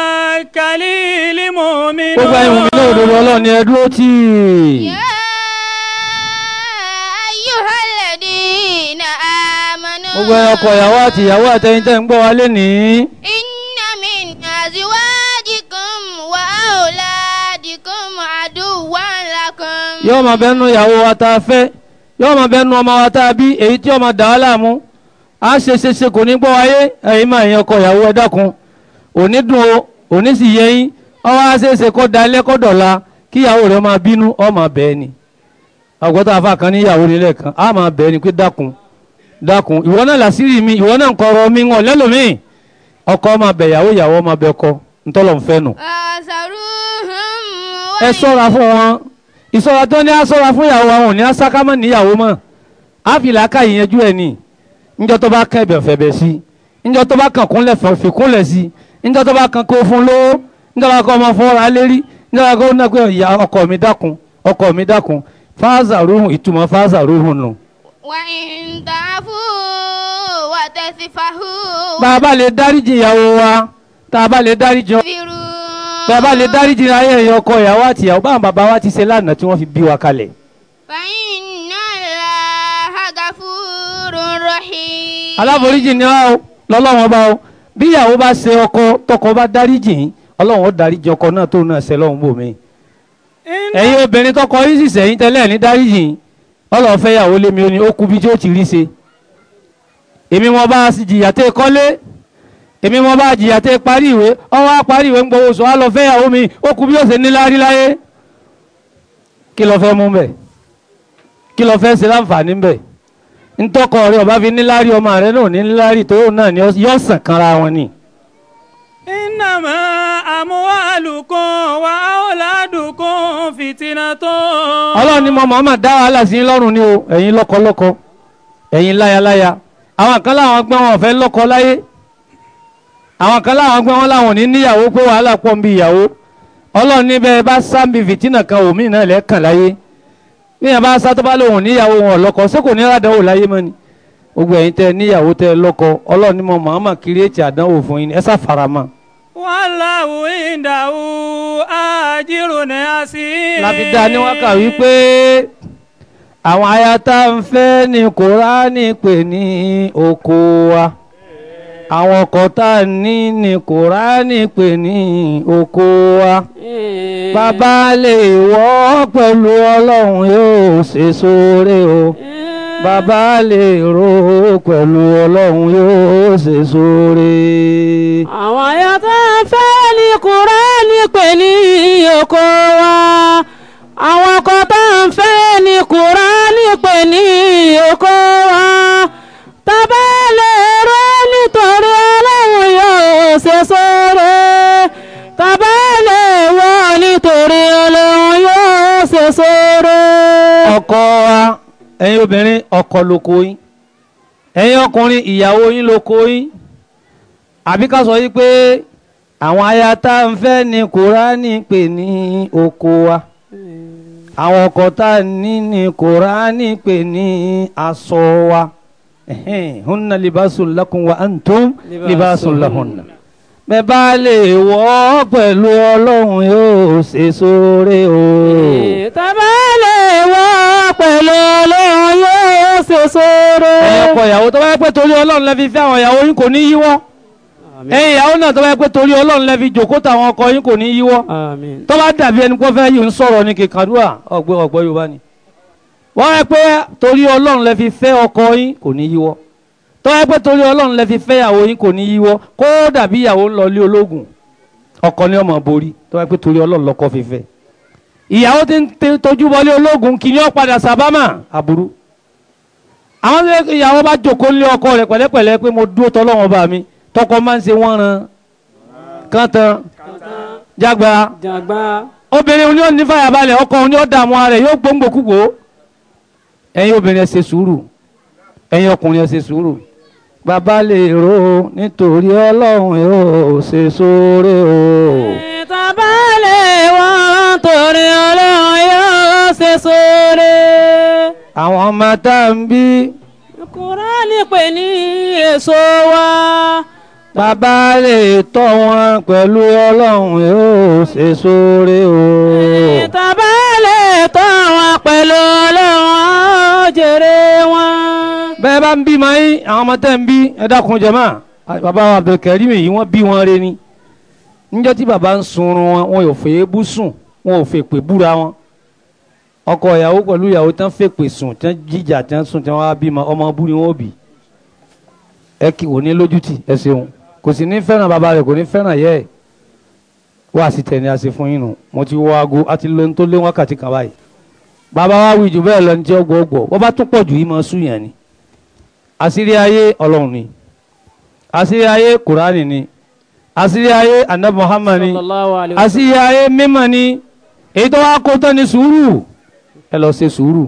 kálí límọ̀ mi náà. gbogbo ẹ̀yin mi náà òdodo ọlọ́run ni ẹ dúró tì í. yá ayyuhalladina amanu. gbogbo ẹ̀yin ọkọ ìyàwó àtìyàwó àtẹ̀yìntẹ̀ ń gbọ́ wa lé inna min azwaj. yóò ma bẹ́nu ìyàwó wa tá a fẹ́ yóò ọmọ wa tá a bí èyí tí yóò dà á láàmú a ṣe ṣe ṣe kò ní gbọ́ wáyé ẹ̀yin máa yan ọkọ ìyàwó ẹ dákun òní dùn o òní sì yẹ yín ọwọ́ rẹ máa bínú ọ máa ni àgọ́tà afa kan ní ìyàwó rẹ lẹ́ẹ̀kan á máa mi ìwọ náà mi ń ọkọ máa ìyàwó ìyàwó máa ọkọ ń ẹ sọ́ra fún wọn ìṣọ́ra tó ní aṣọ́ra fún ìyàwó àwọn òní aṣákámọ́ níyàwó mọ́ àfìlàkà ìyẹnjú ẹ̀ ni níjọ́ tó bá kàn ẹ̀bẹ̀ fẹ̀bẹ̀ sí tó bá kàn kúnlẹ̀ sí níjọ́ tó bá kàn kó fún lówó ọmọ fọ́ra lérí bá mi dákun mi dákun fáàzà ìtumọ̀ fáàzà nù. wà á ń fún wà a bàbá lè dáríjì ní ayé èèyàn ọkọ ìyàwó àti ìyàwó báwọn bàbá wa ti ṣe lánàá tí wọ́n fi bí wa kalẹ̀. aláforíjì ni o bá o bí ìyàwó bá ṣe ọkọ tọkọ bá dáríjì yín ọlọ́wọ́n ọkọ náà tó náà ṣe lọ́hùn bòmí. ẹ̀yin obìnrin tọkọ yín sì tẹ́lẹ̀ ní ìyàwó ó ní ó kú bí tí ó ti rí ṣe èmi mo bá jìyà tẹ parí ìwé ọwọ́ á parí ìwé ń gbowó sọ á lọ fẹ́ ìyàwó mi ó kú bí ó ṣe ní lárí láyé kí lọ fẹ́ mú bẹ̀ kí lọ fẹ́ ṣe láǹfààní bẹ̀ ntọ́kọ rẹ ọba fi ní lárí ọmọ rẹ náà ní lárí tó náà ni yọ sàn kanra wọn ni. innama amwalukum wa auladukum fitnatun. ọlọ́run ni mo mọ̀ ọ́ mà dá wàhálà sí lọ́rùn ni o ẹ̀yin lọ́kọ̀ọ́lọ́kọ̀ ẹ̀yin láyaláya àwọn kan láwọn gbọ́n wọn fẹ́ lọ́kọ láyé àwọn kan láwọn gbé wọn láwọn ní níyàwó pé wàhálà pọ̀ ń bi ìyàwó ọlọ́run níbẹ̀ bá sáǹbì fìtínà kan òmíì náà lẹ́ẹ̀kan láyé níyàn bá sá tó bá lóun níyàwó wọn lọ́kọ ṣé kò ní ládàáwò láyé mọ́ ni gbogbo ẹ̀yin tẹ níyàwó tẹ lọ́kọ ọlọ́run ní mo kiri ètì àdánwò fún yín ẹ sá fara mọ́. àjírò ní àṣì. àwọn kọta ní ní kùránì pè ní oko wa eh. bàbá lè wọ́ pẹ̀lú ọlọ́run yóò ṣe sóore o eh. bàbá lè ro pẹ̀lú ọlọ́run yóò ṣe sóore. àwọn yàtọ̀ fẹ́ ní kùránì pè ní oko wa àwọn kọta ń fẹ́ ní kùránì pè ní oko wa. ọkọ wa ẹ̀yin obìnrin ọkọ lóko yín ẹ̀yin ọkùnrin ìyàwó yín lóko yín àbí ká sọ yìí pé àwọn aya tá à ń fẹ́ ni kùránì pè ní oko wa àwọn ọkọ tá à ní ni kùránì pè ní aṣọ wa hunna libasun lakum wa antum libasun lahunna bẹ bá lè wọ̀ pẹ̀lú ọlọ́run yóò ṣe sóore o. tàbá lè wọ̀ pẹ̀lú ọlọ́run yóò ṣe sóore. ẹ̀yin ọkọ ìyàwó tó bá yẹ pé torí ọlọ́run lẹ́fi fẹ́ àwọn ìyàwó yín kò ní yí wọ́n. ìyàwó náà tó bá yẹ pé torí ọlọ́run lẹ́fi jòkó tàwọn ọkọ yín kò ní yí tó bá dàbí ẹni pé fẹ́ yìí ń sọ̀rọ̀ ní kíkàdúrà ọ̀gbẹ́ ọ̀gbọ́ yorùbá ni. wọ́n yẹ pé torí ọlọ́run lẹ́fi fẹ́ ọkọ yín kò ní yí tó yẹ pé torí ọlọ́run lẹ́fi fẹ́ ìyàwó yín kò ní yí kó dàbí ìyàwó ń lọ ilé ológun ọkọ ni ọmọ borí tó yẹ pé torí ọlọ́run lọ́kọ fi fẹ́ ìyàwó tí ń tọ́jú wọlé ológun kì í yọ padà sábàmà aburú àwọn ìyàwó bá jókòó lé ọkọ rẹ̀ pẹ̀lẹ́pẹ̀lẹ́ pé mo dúró tọlọ́run bá mi tọkọ máa ń ṣe wọ́n ran kàntàn jágba obìnrin oní ọkọ oní ọ̀dààmú ara rẹ̀ yóò gbóngbò ẹ̀yin obìnrin ṣe sùúrù ẹ̀yin bàbá lè ro nítorí ọlọ́run ẹ̀ ò ṣe sóore o. bàbá lè wọ́n nítorí ọlọ́run ẹ̀ ò ṣe sóore. àwọn ọmọ tá à ń bí. kúránì pè ní èso wa. bàbá lè tọ́ wọn pẹ̀lú ọlọ́run ò ṣe sóore o. bàbá lè tọ́ wọn pẹ̀lú bẹ́ẹ̀ bá ń bí máa yín àwọn ọmọ tẹ́ ń bí ẹ dákun jẹ̀mọ́ bàbá Abdulkarim yìí wọ́n bí wọn re ni níjọ́ tí bàbá ń sunrun wọn wọn ò fèé bú sùn wọn ò fèpè búra wọn ọkọ ìyàwó pẹ̀lú ìyàwó tán fèpè sùn tán jíjà tán sùn tán wá bímọ ọmọ bú ni wọn ò bì ẹ kì ò ní lójú tì ẹ ṣeun kò sì ní fẹ́ràn bàbá rẹ̀ kò ní fẹ́ràn yẹ́ ẹ̀ wá sí tẹ̀ ní a ṣe fún yín nù mo ti wọ aago àti lóhun tó lé wákàtí kan báyìí bàbá wa wí jù bẹ́ẹ̀ lọ ní tí ó gbọ́ gbọ́ wọ́n bá tún pọ̀ jù yìí mọ́ sùn yẹn ni àṣírí ayé ọlọ́run ni àṣírí ayé kùránì ni àṣírí ayé annabi muhammad ni àṣírí ayé mímọ̀ ni èyí tó wá kó tán ni sùúrù ẹ lọ ṣe sùúrù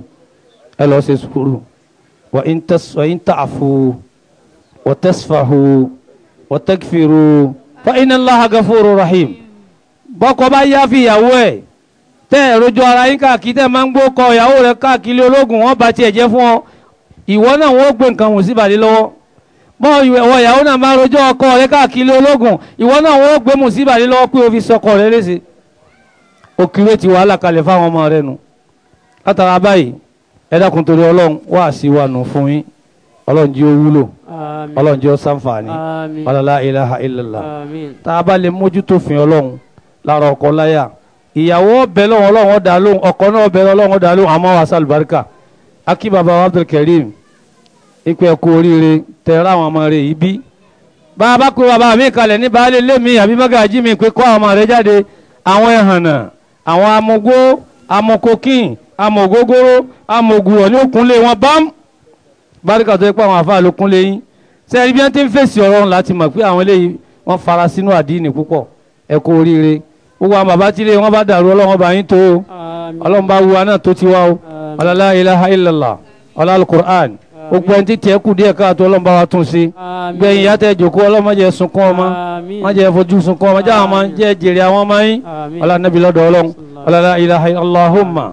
ẹ lọ ṣe sùúrù wa in ta'fu wa tasfahu wa takfiru fa inna allaha ghafurur rahim bọ́kọ bá yá fi ìyàwó ẹ̀ tẹ́ ẹ̀rọjọ ara yín káàkiri tẹ́ máa ń gbó kọ ìyàwó rẹ̀ káàkiri ológun wọ́n bá tiẹ̀ jẹ́ fún ọ ìwọ náà wọ́n gbé nǹkan wọ̀n sí ìbàdí ìwọ ìyàwó náà máa ọkọ rẹ káàkiri ológun ìwọ náà wọ́n gbé mù sí ìbàdí lọ́wọ́ pé o fi sọkọ rẹ léṣe ti wàhálà fáwọn ọmọ rẹ wa nù fún yín jí ó wúlò jí ó sànfààní ilaha tá a bá lè mójútó fin lára ọkọ láyà ìyàwó ọbẹ̀ lọ́wọ́ ọlọ́run ọkọ náà ọbẹ̀ lọ́wọ́ akí baba wa abdulkareem ìpè ẹ̀kú oríire tẹ̀rẹ́ àwọn ọmọ rẹ̀ yìí bí bàbá kó bàbá mi kalẹ̀ ní baálé ilé mi àbí mọ́gàjí mi pé kó àwọn ọmọ rẹ̀ jáde àwọn ẹ̀hànà àwọn amugbó amukokin amogogoro amoguwọ̀ ní òkúnlé wọn bám báríkà tó yẹ pé àwọn àfáà ló kúnlé yín sẹ́yìn bí wọ́n ti ń fèsì ọ̀rọ̀ ọ̀hún láti mọ̀ pé àwọn eléyìí wọ́n fara sínú àdínì púpọ̀ ẹ̀kú oríire gbogbo àwọn bàbá tí ilé wọn bá dàrú ọlọ́wọ́n bá yín tó ọlọ́run bá wu wa tó ti wá o ọlọ́lá ilaha illallah ọlọ́lá alukur'an gbogbo ẹni tí tiẹ̀ kù díẹ̀ káàtó ọlọ́mọba wa tún sí gbẹ̀yìn yá tẹ̀ jòkó ọlọ́mọdé sunkún ọmọ mọ̀jẹ̀ fojú sunkún ọmọ jáwọn máa ń jẹ́ jèrè àwọn ọmọ yín ọlọ́lá nàbí lọ́dọ̀ ọlọ́run ọlọ́lá ilaha illallahumma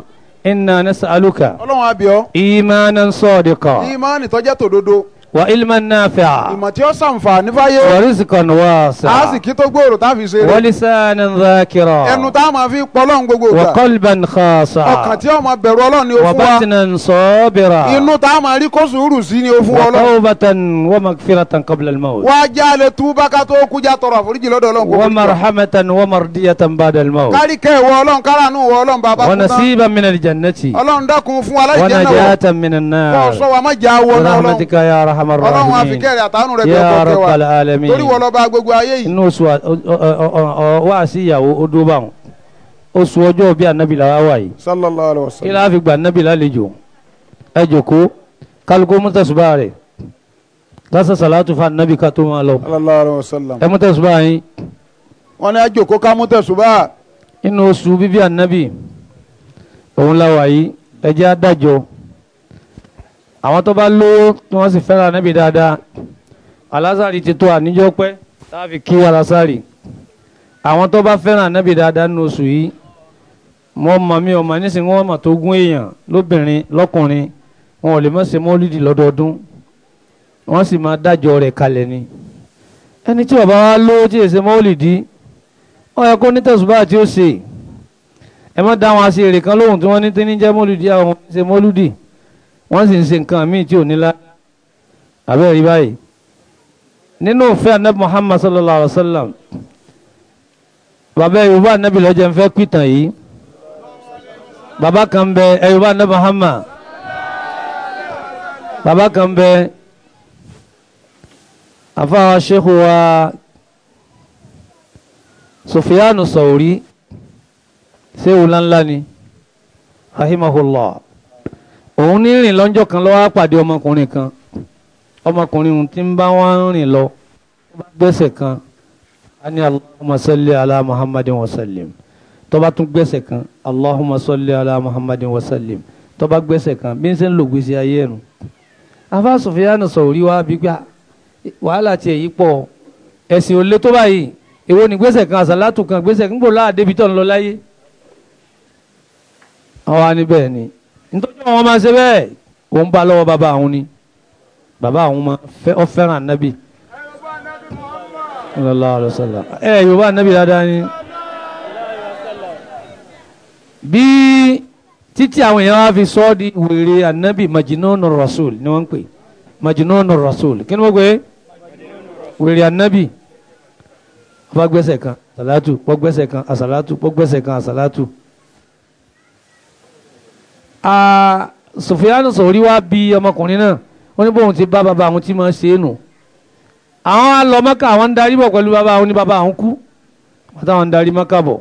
inna nas'aluka. ọlọ́run abiọ́. imanan sadiqa. imani tó jẹ́ tòdodo wa ilman nafi'a. ìmọ̀ tí ó sànfàní fáyé. wa rizqan wasi'a. a sì kí tó gbòòrò tá a fi ṣe. wa lisanan dhakira. ẹnu tá a máa fi pọlọ́n gbogbo gbà. wa qalban ọkàn tí ó máa bẹ̀rù ni ó fún wa. wa batnan sabira. inú tá a máa rí kó sùúrù sí ni ó fún Ọlọ́run. wa tawbatan wa magfiratan qabla al-maut. wá já lè túbá ká tó kújà tọrọ àforíjì lọ́dọ̀ Ọlọ́run. wa marhamatan wa wa nasiban min al-jannati. Ọlọ́run dákun fún wa láì jẹ́ náà. wa najatan min an-nar arhamar rahimin ọlọ́run àfikẹ́rẹ́ àtàánú rẹ̀ bí ọkọ̀ kẹwàá ya rabbal alamin torí wọ́n lọ bá gbogbo ayé yìí. inú oṣù uh, uh, uh, wa sí ìyàwó ó dó báwọn oṣù ọjọ́ bí anabi la wà yìí. sallallahu alayhi wa sallam. kí la fi gba anabi lálejò ẹ jòkó kálukó mọ́tàṣubá rẹ̀ lásán salatu fa anabi ká tó máa lọ. sallallahu alayhi wa sallam. ẹ mọ́tàṣubá yín. wọ́n ní ẹ jòkó ká mọ́tàṣubá. inú oṣù bíbí anabi òun la wà yìí ẹ jẹ́ adájọ́ àwọn tó bá lówó tí wọ́n sì fẹ́ràn níbi dáadáa alásàrì ti tó àníjọ́ pẹ́ táàfi kí alásàrì àwọn tó bá fẹ́ràn níbi dáadáa nínú oṣù yìí mo mọ̀ mi ò mọ̀ nísìnyí wọ́n mọ̀ tó gún èèyàn lóbìnrin lọ́kùnrin wọn ò lè mọ̀ ṣe mọ́lídì lọ́dọọdún wọ́n sì máa dájọ́ rẹ̀ kalẹ̀ ni ẹni tí bàbá wa lówó tí èsè mọ́lídì ó yẹ kó ní tẹ̀sùbá tí ẹ má dá wọn àṣẹ èrè kan lóhùn tí wọ́n ní tí ní jẹ́ mọ́lídì àwọn ṣe mọ́lídì wọ́n sì ń ṣe nǹkan míì tí ò ní lá abẹ́rẹ́ rí báyìí nínú òfin anabi Muhammad sallallahu alayhi wa sallam bàbá yorùbá anabi lọ́jọ́ ń fẹ́ pìtàn yìí bàbá kan bẹ yorùbá anabi Muhammad bàbá kan bẹ afáwa sheikhu wa Sufyanu Sauri sẹ́wù ńláńlá rahimahullah. òun ní rìn lọ́jọ́ kan ló pàdé ọmọkùnrin kan ọmọkùnrin ti ń bá rìn lọ ó bá gbẹ́sẹ̀ kan a ní Allahumma salli ala Muhammadin tó bá tún gbẹ́sẹ̀ kan Allahumma salli Muhammadin tó bá kan bí ń ṣe ń lò gbèsè ayé ẹ̀rù Sauri wa bí gbà wàhálà tiẹ̀ pọ̀ ẹ̀sìn ò tó báyìí nítorí àwọn máa ṣe bẹ́ẹ̀ òun bá lọ́wọ́ bàbá àwọn ni bàbá àwọn máa fẹ́ ọ fẹ́ràn ànábì sallallahu alaihi wasallam ẹ yorùbá ànábì dáadáa ni bí títí àwọn èèyàn wá fi sọ ọ́ di wèrè ànábì majinonu rasul ni wọ́n ń pè majinonu rasul kí ni wọ́n pè é wèrè ànábì wọ́n gbẹ́sẹ̀ kan àsàlátù wọ́n gbẹ́sẹ̀ kan àsàlátù wọ́n gbẹ́sẹ̀ kan àsàlátù. Sufyan Sòrí wá bi ọmọkùnrin náà wọ́n ní bóun ti bá bàbá àwọn tí máa ṣe é nù àwọn á lọ Mẹ́kà àwọn ń darí bọ̀ pẹ̀lú bàbá àwọn ní bàbá àwọn kú bàtà àwọn ń darí Mẹ́kà bọ̀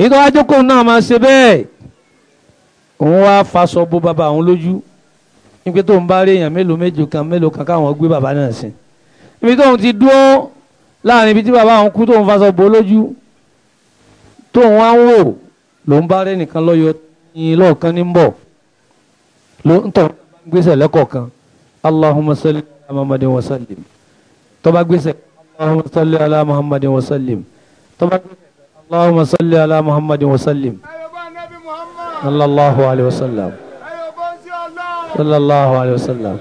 èyí tó wá jókòó náà máa ṣe bẹ́ẹ̀ òun wá faṣọ bo bàbá àwọn lójú nígbà tó ń bá rí èèyàn mélòó méjì kan mélòó kan káwọn gbé bàbá náà sí ibi tóun ti dúró láàrin ibi tí bàbá àwọn kú tóun faṣọ bo lójú tóun wá ń wò lòun bá rẹ́nìkan lọ́yọ̀ọ́ lọ́ọ̀kan ní bọ̀ ló ń tọ̀ gbèsè lẹ́kọ̀ọ̀kan allahumma salli ala muhammadin wa sallim tó bá gbèsè allahumma salli ala muhammadin wa sallim tó bá gbèsè allahumma salli ala muhammadin wa sallim sallallahu alayhi wa sallam sallallahu alayhi wa sallam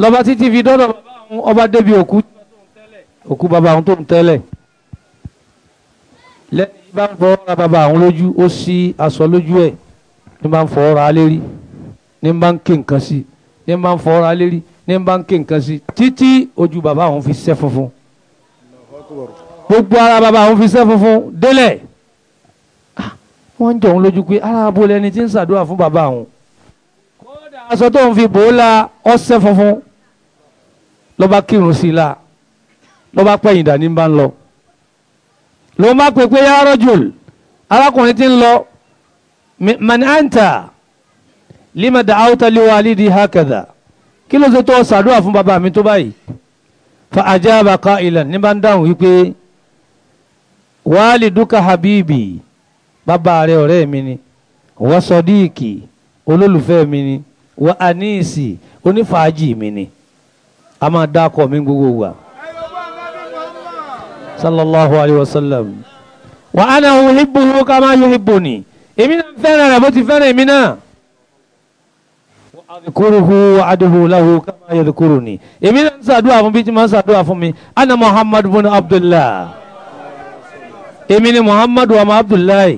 lọ́ba títí fi dọ́dọ̀ bàbá àwọn ọba débi òkú òkú bàbá àwọn tó ń tẹ́lẹ̀ lẹ́yìn bá ń fọ ọ́ra bàbá àwọn lójú ó sí aṣọ lójú ẹ̀ ní bá ń fọ ọ́ra lérí ní bá ń ké nǹkan sí ní bá ń fọ ọ́ra lérí ní bá ń ké nǹkan sí títí ojú bàbá àwọn fi sẹ́ funfun gbogbo ara bàbá àwọn fi sẹ́ funfun délẹ̀ ah, wọ́n ń jọ̀hún lójú pé ara abo lẹni tí ń ṣàdúrà fún bàbá àwọn kódà aṣọ tó ń fi bò ó la ọ̀sẹ̀ funfun lọ́ba kírun sí i la lọ́ba pẹ̀yìndà ní bá ń lọ ló má pè pé yá rajul arákùnrin tí ń lọ man anta lima da'awta li walidi hakadha kí ló ṣe tó ṣàdúrà fún bàbá mi tó báyìí fa ajaba qa'ilan ní bá ń dáhùn wípé waliduka habibi bàbá rẹ ọ̀rẹ́ mi ni wa sadiqi olólùfẹ́ mi ni wa anisi onífàájì mi ni a máa dákọ̀ mi gbogbo wa. صلى الله عليه وسلم وأنا أحبه كما يحبني إمنا فانا نبوتي فانا إمنا أذكره وعده له كما يذكرني إمنا سأدعى فمي بيتما سأدعى فمي أنا محمد بن عبد الله إمنا محمد وما عبد الله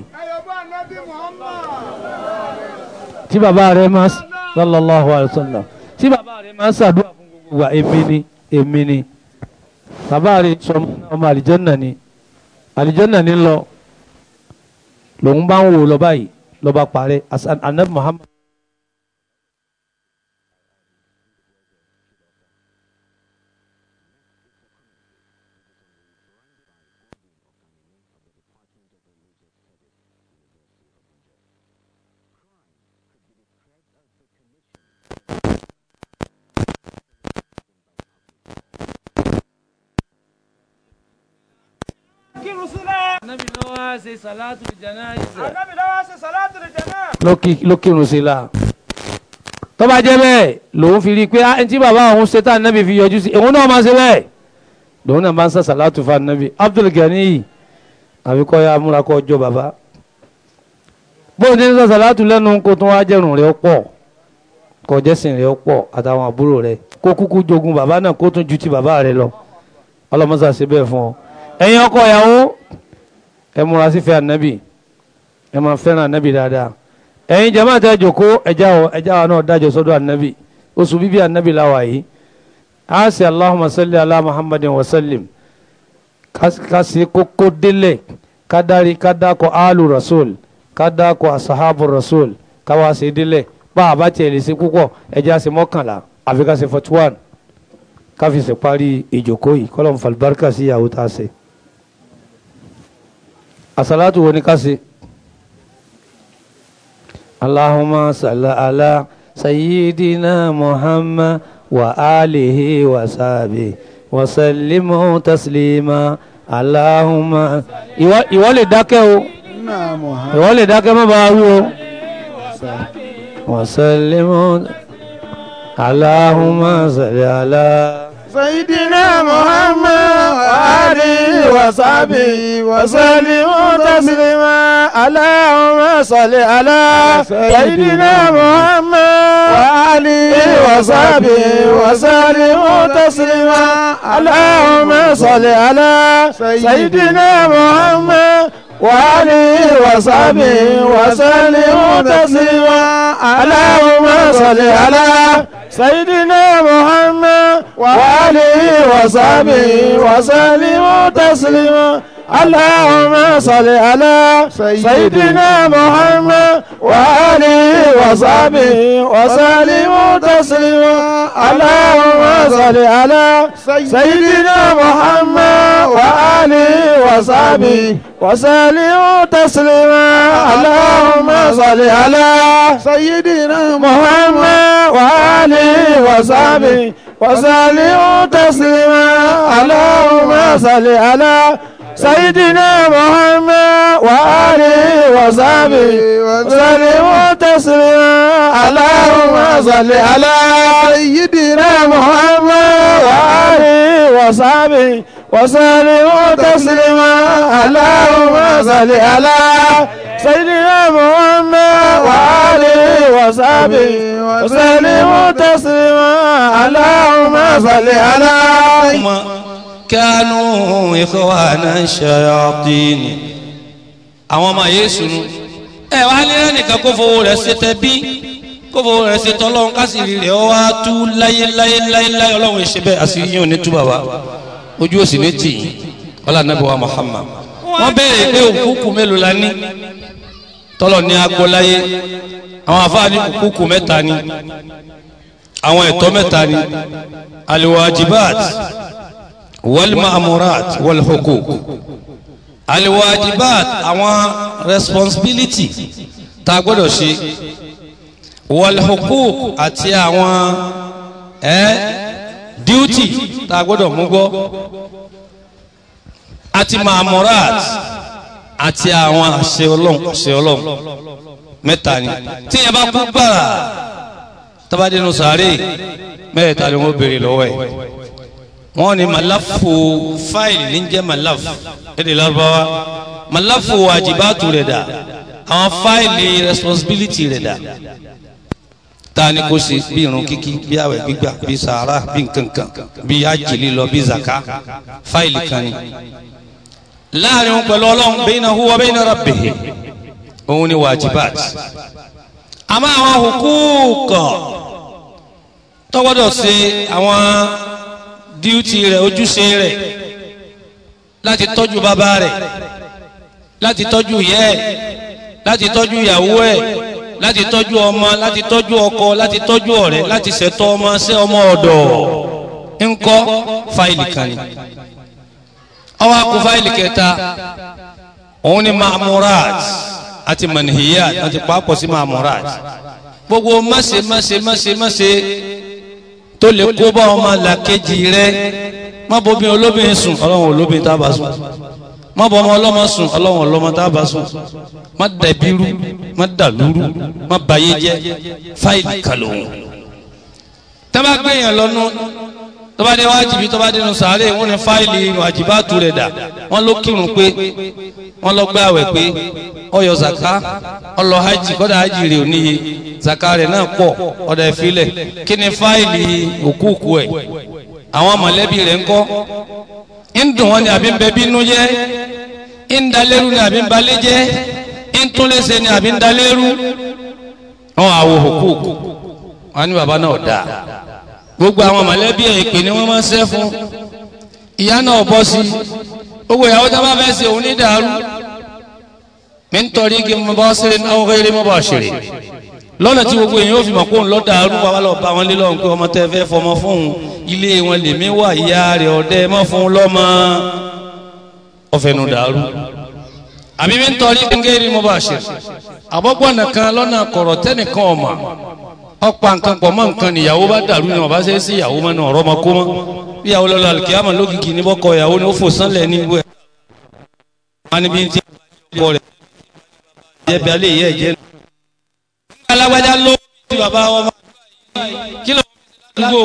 tí bàbá rẹ máa sallallahu alaihi wasallam tí bàbá rẹ máa sàdúrà fún gbogbo wa èmi ni èmi ni bàbá rẹ̀ sọ ọmọ àlìjọ́nà ni àlìjọ́nà ni lọ lòun bá ń wò lọ báyìí lọ́ba parẹ́ anabi Muhammad salatu janaza. ànábì ló wá ṣe salatu janaza. ló kírun sí la tó bá jẹ́ bẹ́ẹ̀ lòun fi rí i pé ah, ẹni tí bàbá òun ṣe tá ànábì fi yọjú sí òun náà máa ṣe bẹ́ẹ̀ lòun náà máa ń ṣe salatu fa ànábì Abdul Ganiyi àbíkọ́ ya amúrakọ́ ọjọ́ bàbá bóun ti ń sọ sàlátù lẹ́nu kó tún wá jẹ̀rùn rẹ̀ pọ̀ kó jẹ́sìn rẹ̀ pọ̀ àtàwọn àbúrò rẹ̀ kó kúkú jogun bàbá náà kó tún ju ti bàbá rẹ̀ lọ ọlọ́mọsà ṣe bẹ́ẹ̀ fún ọ. ẹ̀yin ọkọ ìyàwó ẹ múra sífẹ́ ànábì ẹ máa fẹ́ràn ànábì dáadáa ẹ̀yin jẹ́ máa tẹ́ jòkó ẹja ọ ẹja wa náà dájọ́ sọ́dọ̀ ànábì oṣù bíbí ànábì láwa yìí a sì Allahumma salli ala Muhammadin wa sallim ká sì kókó délẹ̀ ká dárí ká dákọ̀ alu rasul ká dákọ̀ asahabu rasul ká wá sí délẹ̀ bá a bá tiẹ̀ lè ṣe púpọ̀ ẹja sì mọ́kànlá àfi ká sì forty one ká fi falibarika sí ìyàwó tá a àsàlátù wo ni ká ṣe Allahumma salla ala sayyidina Muhammad wa alihi wa sahbihi wa sallimu taslima Allahumma ìwọ lè dákẹ́ o ìwọ lè dákẹ́ má bàa wí o wa sallimu Allahumma salli ala. سيدنا محمد وآله وصحبه وسلم تسليما اللهم صل على سيدنا محمد وآله وصحبه وسلم تسليما اللهم صل على سيدنا محمد وعلي وصحبه وسلم تسليما اللهم صل على سيدنا محمد وعلي وصحبه وسلم تسليما اللهم صل على سيدنا محمد وآله وصحبه وسلم تسليما اللهم صل على سيدنا محمد وآله وصحبه وسلم تسليما اللهم صل على سيدنا محمد وآله وصحبه وسلم تسليما اللهم صل على سيدنا محمد وآله وصحبه وسلم تسليما اللهم صل على سيدنا محمد وآله وصحبه وسلم تسليما اللهم صل على سيدنا محمد وآله وصحبه وسلم تسليما اللهم صل على kánú ikhwana shayatin àwọn ọmọ yéésù nu ẹ wá lé ẹnìkan kó fowó rẹ̀ ṣe tẹ bí kó fowó rẹ̀ ṣe tọ́lọ́run kásìrì rẹ̀ ọ wá tú láyé láyé láyé láyé ọlọ́run ìṣe bẹ́ẹ̀ àṣírí yín ò ní tú bàbá ojú òsì ní tì yín ọlá wa Muhammad wọ́n béèrè pé òkúkú mélòó la ní tọ́lọ̀ ní agbóláyé àwọn àfáàní òkúkú mẹ́ta ni àwọn ẹ̀tọ́ mẹ́ta ni aliwajibat walma'amurat walhuquq alwajibat àwọn responsibility tá a gbọ́dọ̀ ṣe walhuquq àti àwọn ẹ́ duty tá a gbọ́dọ̀ mú gbọ́ àti ma'amurat àti àwọn àṣẹ ọlọ́run àṣẹ ọlọ́run mẹ́ta ni tí yẹn bá kú gbàrà tábàdínú sàárè mẹ́ta ni wọ́n béèrè lọ́wọ́ ẹ̀ wọ́n ní malafu fáìlì ní jẹ́ malafu èdè lárúbáwá malafu wàjibátù rẹ̀ dà àwọn fáìlì responsibility rẹ̀ dà ta ni kò ṣe bí irun kíkí bí àwẹ̀ gbígbà bí sàárà bí nkankan bí àjèlè lọ bí zaka fáìlì kan ni láàrin òun pẹ̀lú ọlọ́run bainahu wa baina rabbihi òun ni wajibat àmọ́ àwọn hukúkọ̀ tọ́gbọ́dọ̀ ṣe àwọn díútì rẹ̀ ojúṣe rẹ̀ láti tọ́jú bàbá rẹ̀ láti tọ́jú ìyá ẹ̀ láti tọ́jú ìyàwó ẹ̀ láti tọ́jú ọmọ láti tọ́jú ọkọ láti tọ́jú ọ̀rẹ́ láti ṣètò ọmọ sí ọmọ ọ̀dọ̀ ńkọ́ fáìlì kan ọwọ́ akú fáìlì kẹta òun ni maamurat àti manhiyat àti pàápọ̀ sí maamurat gbogbo máṣe máṣe máṣe máṣe tó lè kó bá ọmọ làkejì rẹ má bobi olóbìnrin sùn ọlọ́run olóbìnrin tá a bá sùn má bọ ọmọ ọlọ́mọ sùn ọlọ́run ọlọ́mọ tá a bá sùn má dẹ̀bírú má dàlúrú má bayé jẹ́ fáìlì kàlóhùn. tábà gbẹ̀yìn lọ́nu tó bá dé wájibí tó bá dénú sàárè wọn ní fáìlì wàjibátù rẹ̀ dà wọn ló kírun pé wọn lọ gbé àwẹ̀ pé ọyọ zaka ọlọ hajj kọ́dà hajj rẹ̀ ò níye zaka rẹ̀ náà pọ̀ ọ̀dà ìfilẹ̀ kí ni fáìlì òkúùkù ẹ̀ àwọn mọ̀lẹ́bí rẹ̀ ń ń dùn wọn ni àbí ń bẹ bínú jẹ́ ń dalẹ́rú ni àbí ń balẹ́ jẹ́ ń túnlẹ́sẹ̀ ni àbí ń dalẹ́rú wọn àwọn òkúùkù wọn ni bàbá náà dáa gbogbo àwọn mọ̀lẹ́bí ẹ̀ ìpè ni wọ́n máa ń ṣẹ́ fún ìyá náà bọ́ sí owó ìyàwó tá a bá fẹ́ ṣe òun ní dàrú mi ń tọrí kí mo bá ṣeré náwó kéré mo bá ṣeré lọ́nà tí gbogbo èèyàn ò fi mọ̀ kó ń lọ dàrú wa lọ bá wọn lé lọ́hùn pé ọmọ tẹ́ fẹ́ fọmọ fún un ilé wọn lèmi wà ìyá rẹ̀ ọ̀dẹ́ mọ́ fún un lọ́mọ ọ̀fẹ́nu dàrú àbí mi ń tọrí kí mo bá ṣeré àbọ̀gbọ̀nà ọ̀pá nǹkan pọ̀ mọ́ nǹkan nìyàwó bá dàrú ni ọba ṣe é sí ìyàwó mọ́ ní ọ̀rọ̀ ọmọ kó mọ́ bí ìyàwó lọ́la kìámà lókìkì ní bọ́kọ ìyàwó ni ó fò sánlẹ̀ ní ìwé ẹ̀. wọ́n ní bí ti bọ rẹ jẹbi alẹ yẹ jẹ. alágbájá ló ti bàbá wọn máa kí ló ń gbò.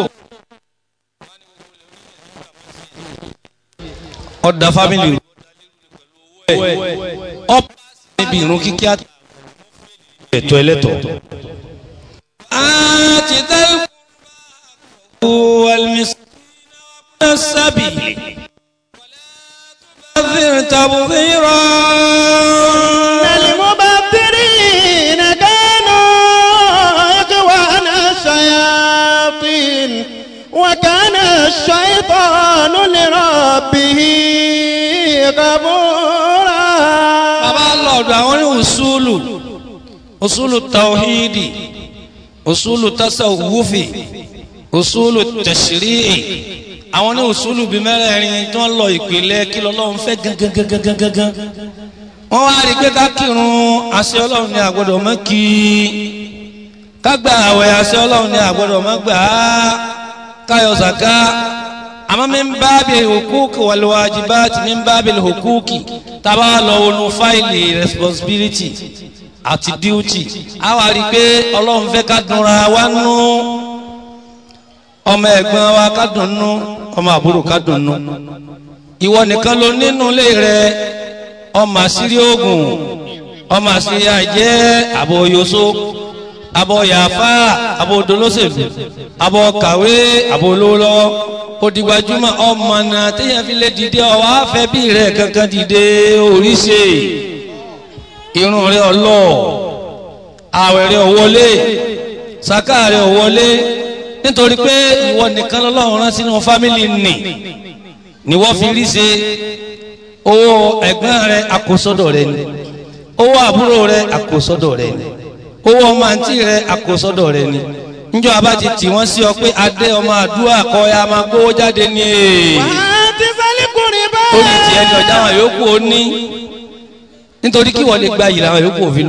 ọ̀dà fámìlì ọ̀pá níbi ìrún kíkí àtẹ̀tọ̀ ẹlẹ́tọ̀. آت ذا القربى والمسكين وابن السبيل ولا تبذر تبذيرا المبذرين كانوا إخوان الشياطين وكان الشيطان لربه كفورا bàbá lọ́dọ̀ àwọn أصول usulu usulu usulu tasawufi usulu tashri'i àwọn ní usulu bíi mẹ́rẹ̀ẹ̀rin tí wọ́n lọ ìpìlẹ̀ kí lọ́lọ́run fẹ́ gangangangangangan wọ́n wá rí pé ká àṣẹ ọlọ́run ní àgbọ̀dọ̀ mọ́ kí ká àwẹ̀ àṣẹ ọlọ́run ní àgbọ̀dọ̀ mọ́ gbà á káyọ zaka mi ń bá bi hukuki wàlúwàjibá ti mi ń bá bi hukuki tábà lọ wọnú fáìlì responsibility. àti díútì a wá rí i pé ọlọ́run fẹ́ ká dunra wa nú ọmọ ẹ̀gbọ́n wa ká dùn nú ọmọ àbúrò ká dùn nú ìwọ nìkan ló nínú ilé rẹ ọmọ àṣírí oògùn ọmọ àṣírí àjẹ àbò yoso àbò yàfa àbò dolóṣèlú àbò kàwé àbò lọ́wọ́ òdìgbàjúmọ̀ ọmọ náà téèyàn fi lè dìde ọwọ́ àfẹ́ bí rẹ̀ kankan dìde oríṣèé. irun rẹ̀ ọlọ́ àwẹ̀ rẹ̀ òwọlé sàká rẹ̀ òwọlé nítorí pé ìwọ nìkan lọ́lọ́run rán sínú fámìlì nì ni wọn fi rí ṣe owó ẹ̀gbọ́n rẹ̀ àkósọ́dọ̀ rẹ̀ ni owó àbúrò rẹ̀ àkósọ́dọ̀ rẹ̀ ni owó ọmọ àǹtí rẹ̀ àkósọ́dọ̀ rẹ̀ ni njọ́ abá ti tì wọ́n sí ọ pé adé ọmọ àdúrà kọ́ ya máa gbówó jáde ní ee? wàá ti sálíkùnrin báyìí. ó ní ọjà wọn yòókù ó ní. nítorí kí wọ́n lè gba ìlànà yòókù òfin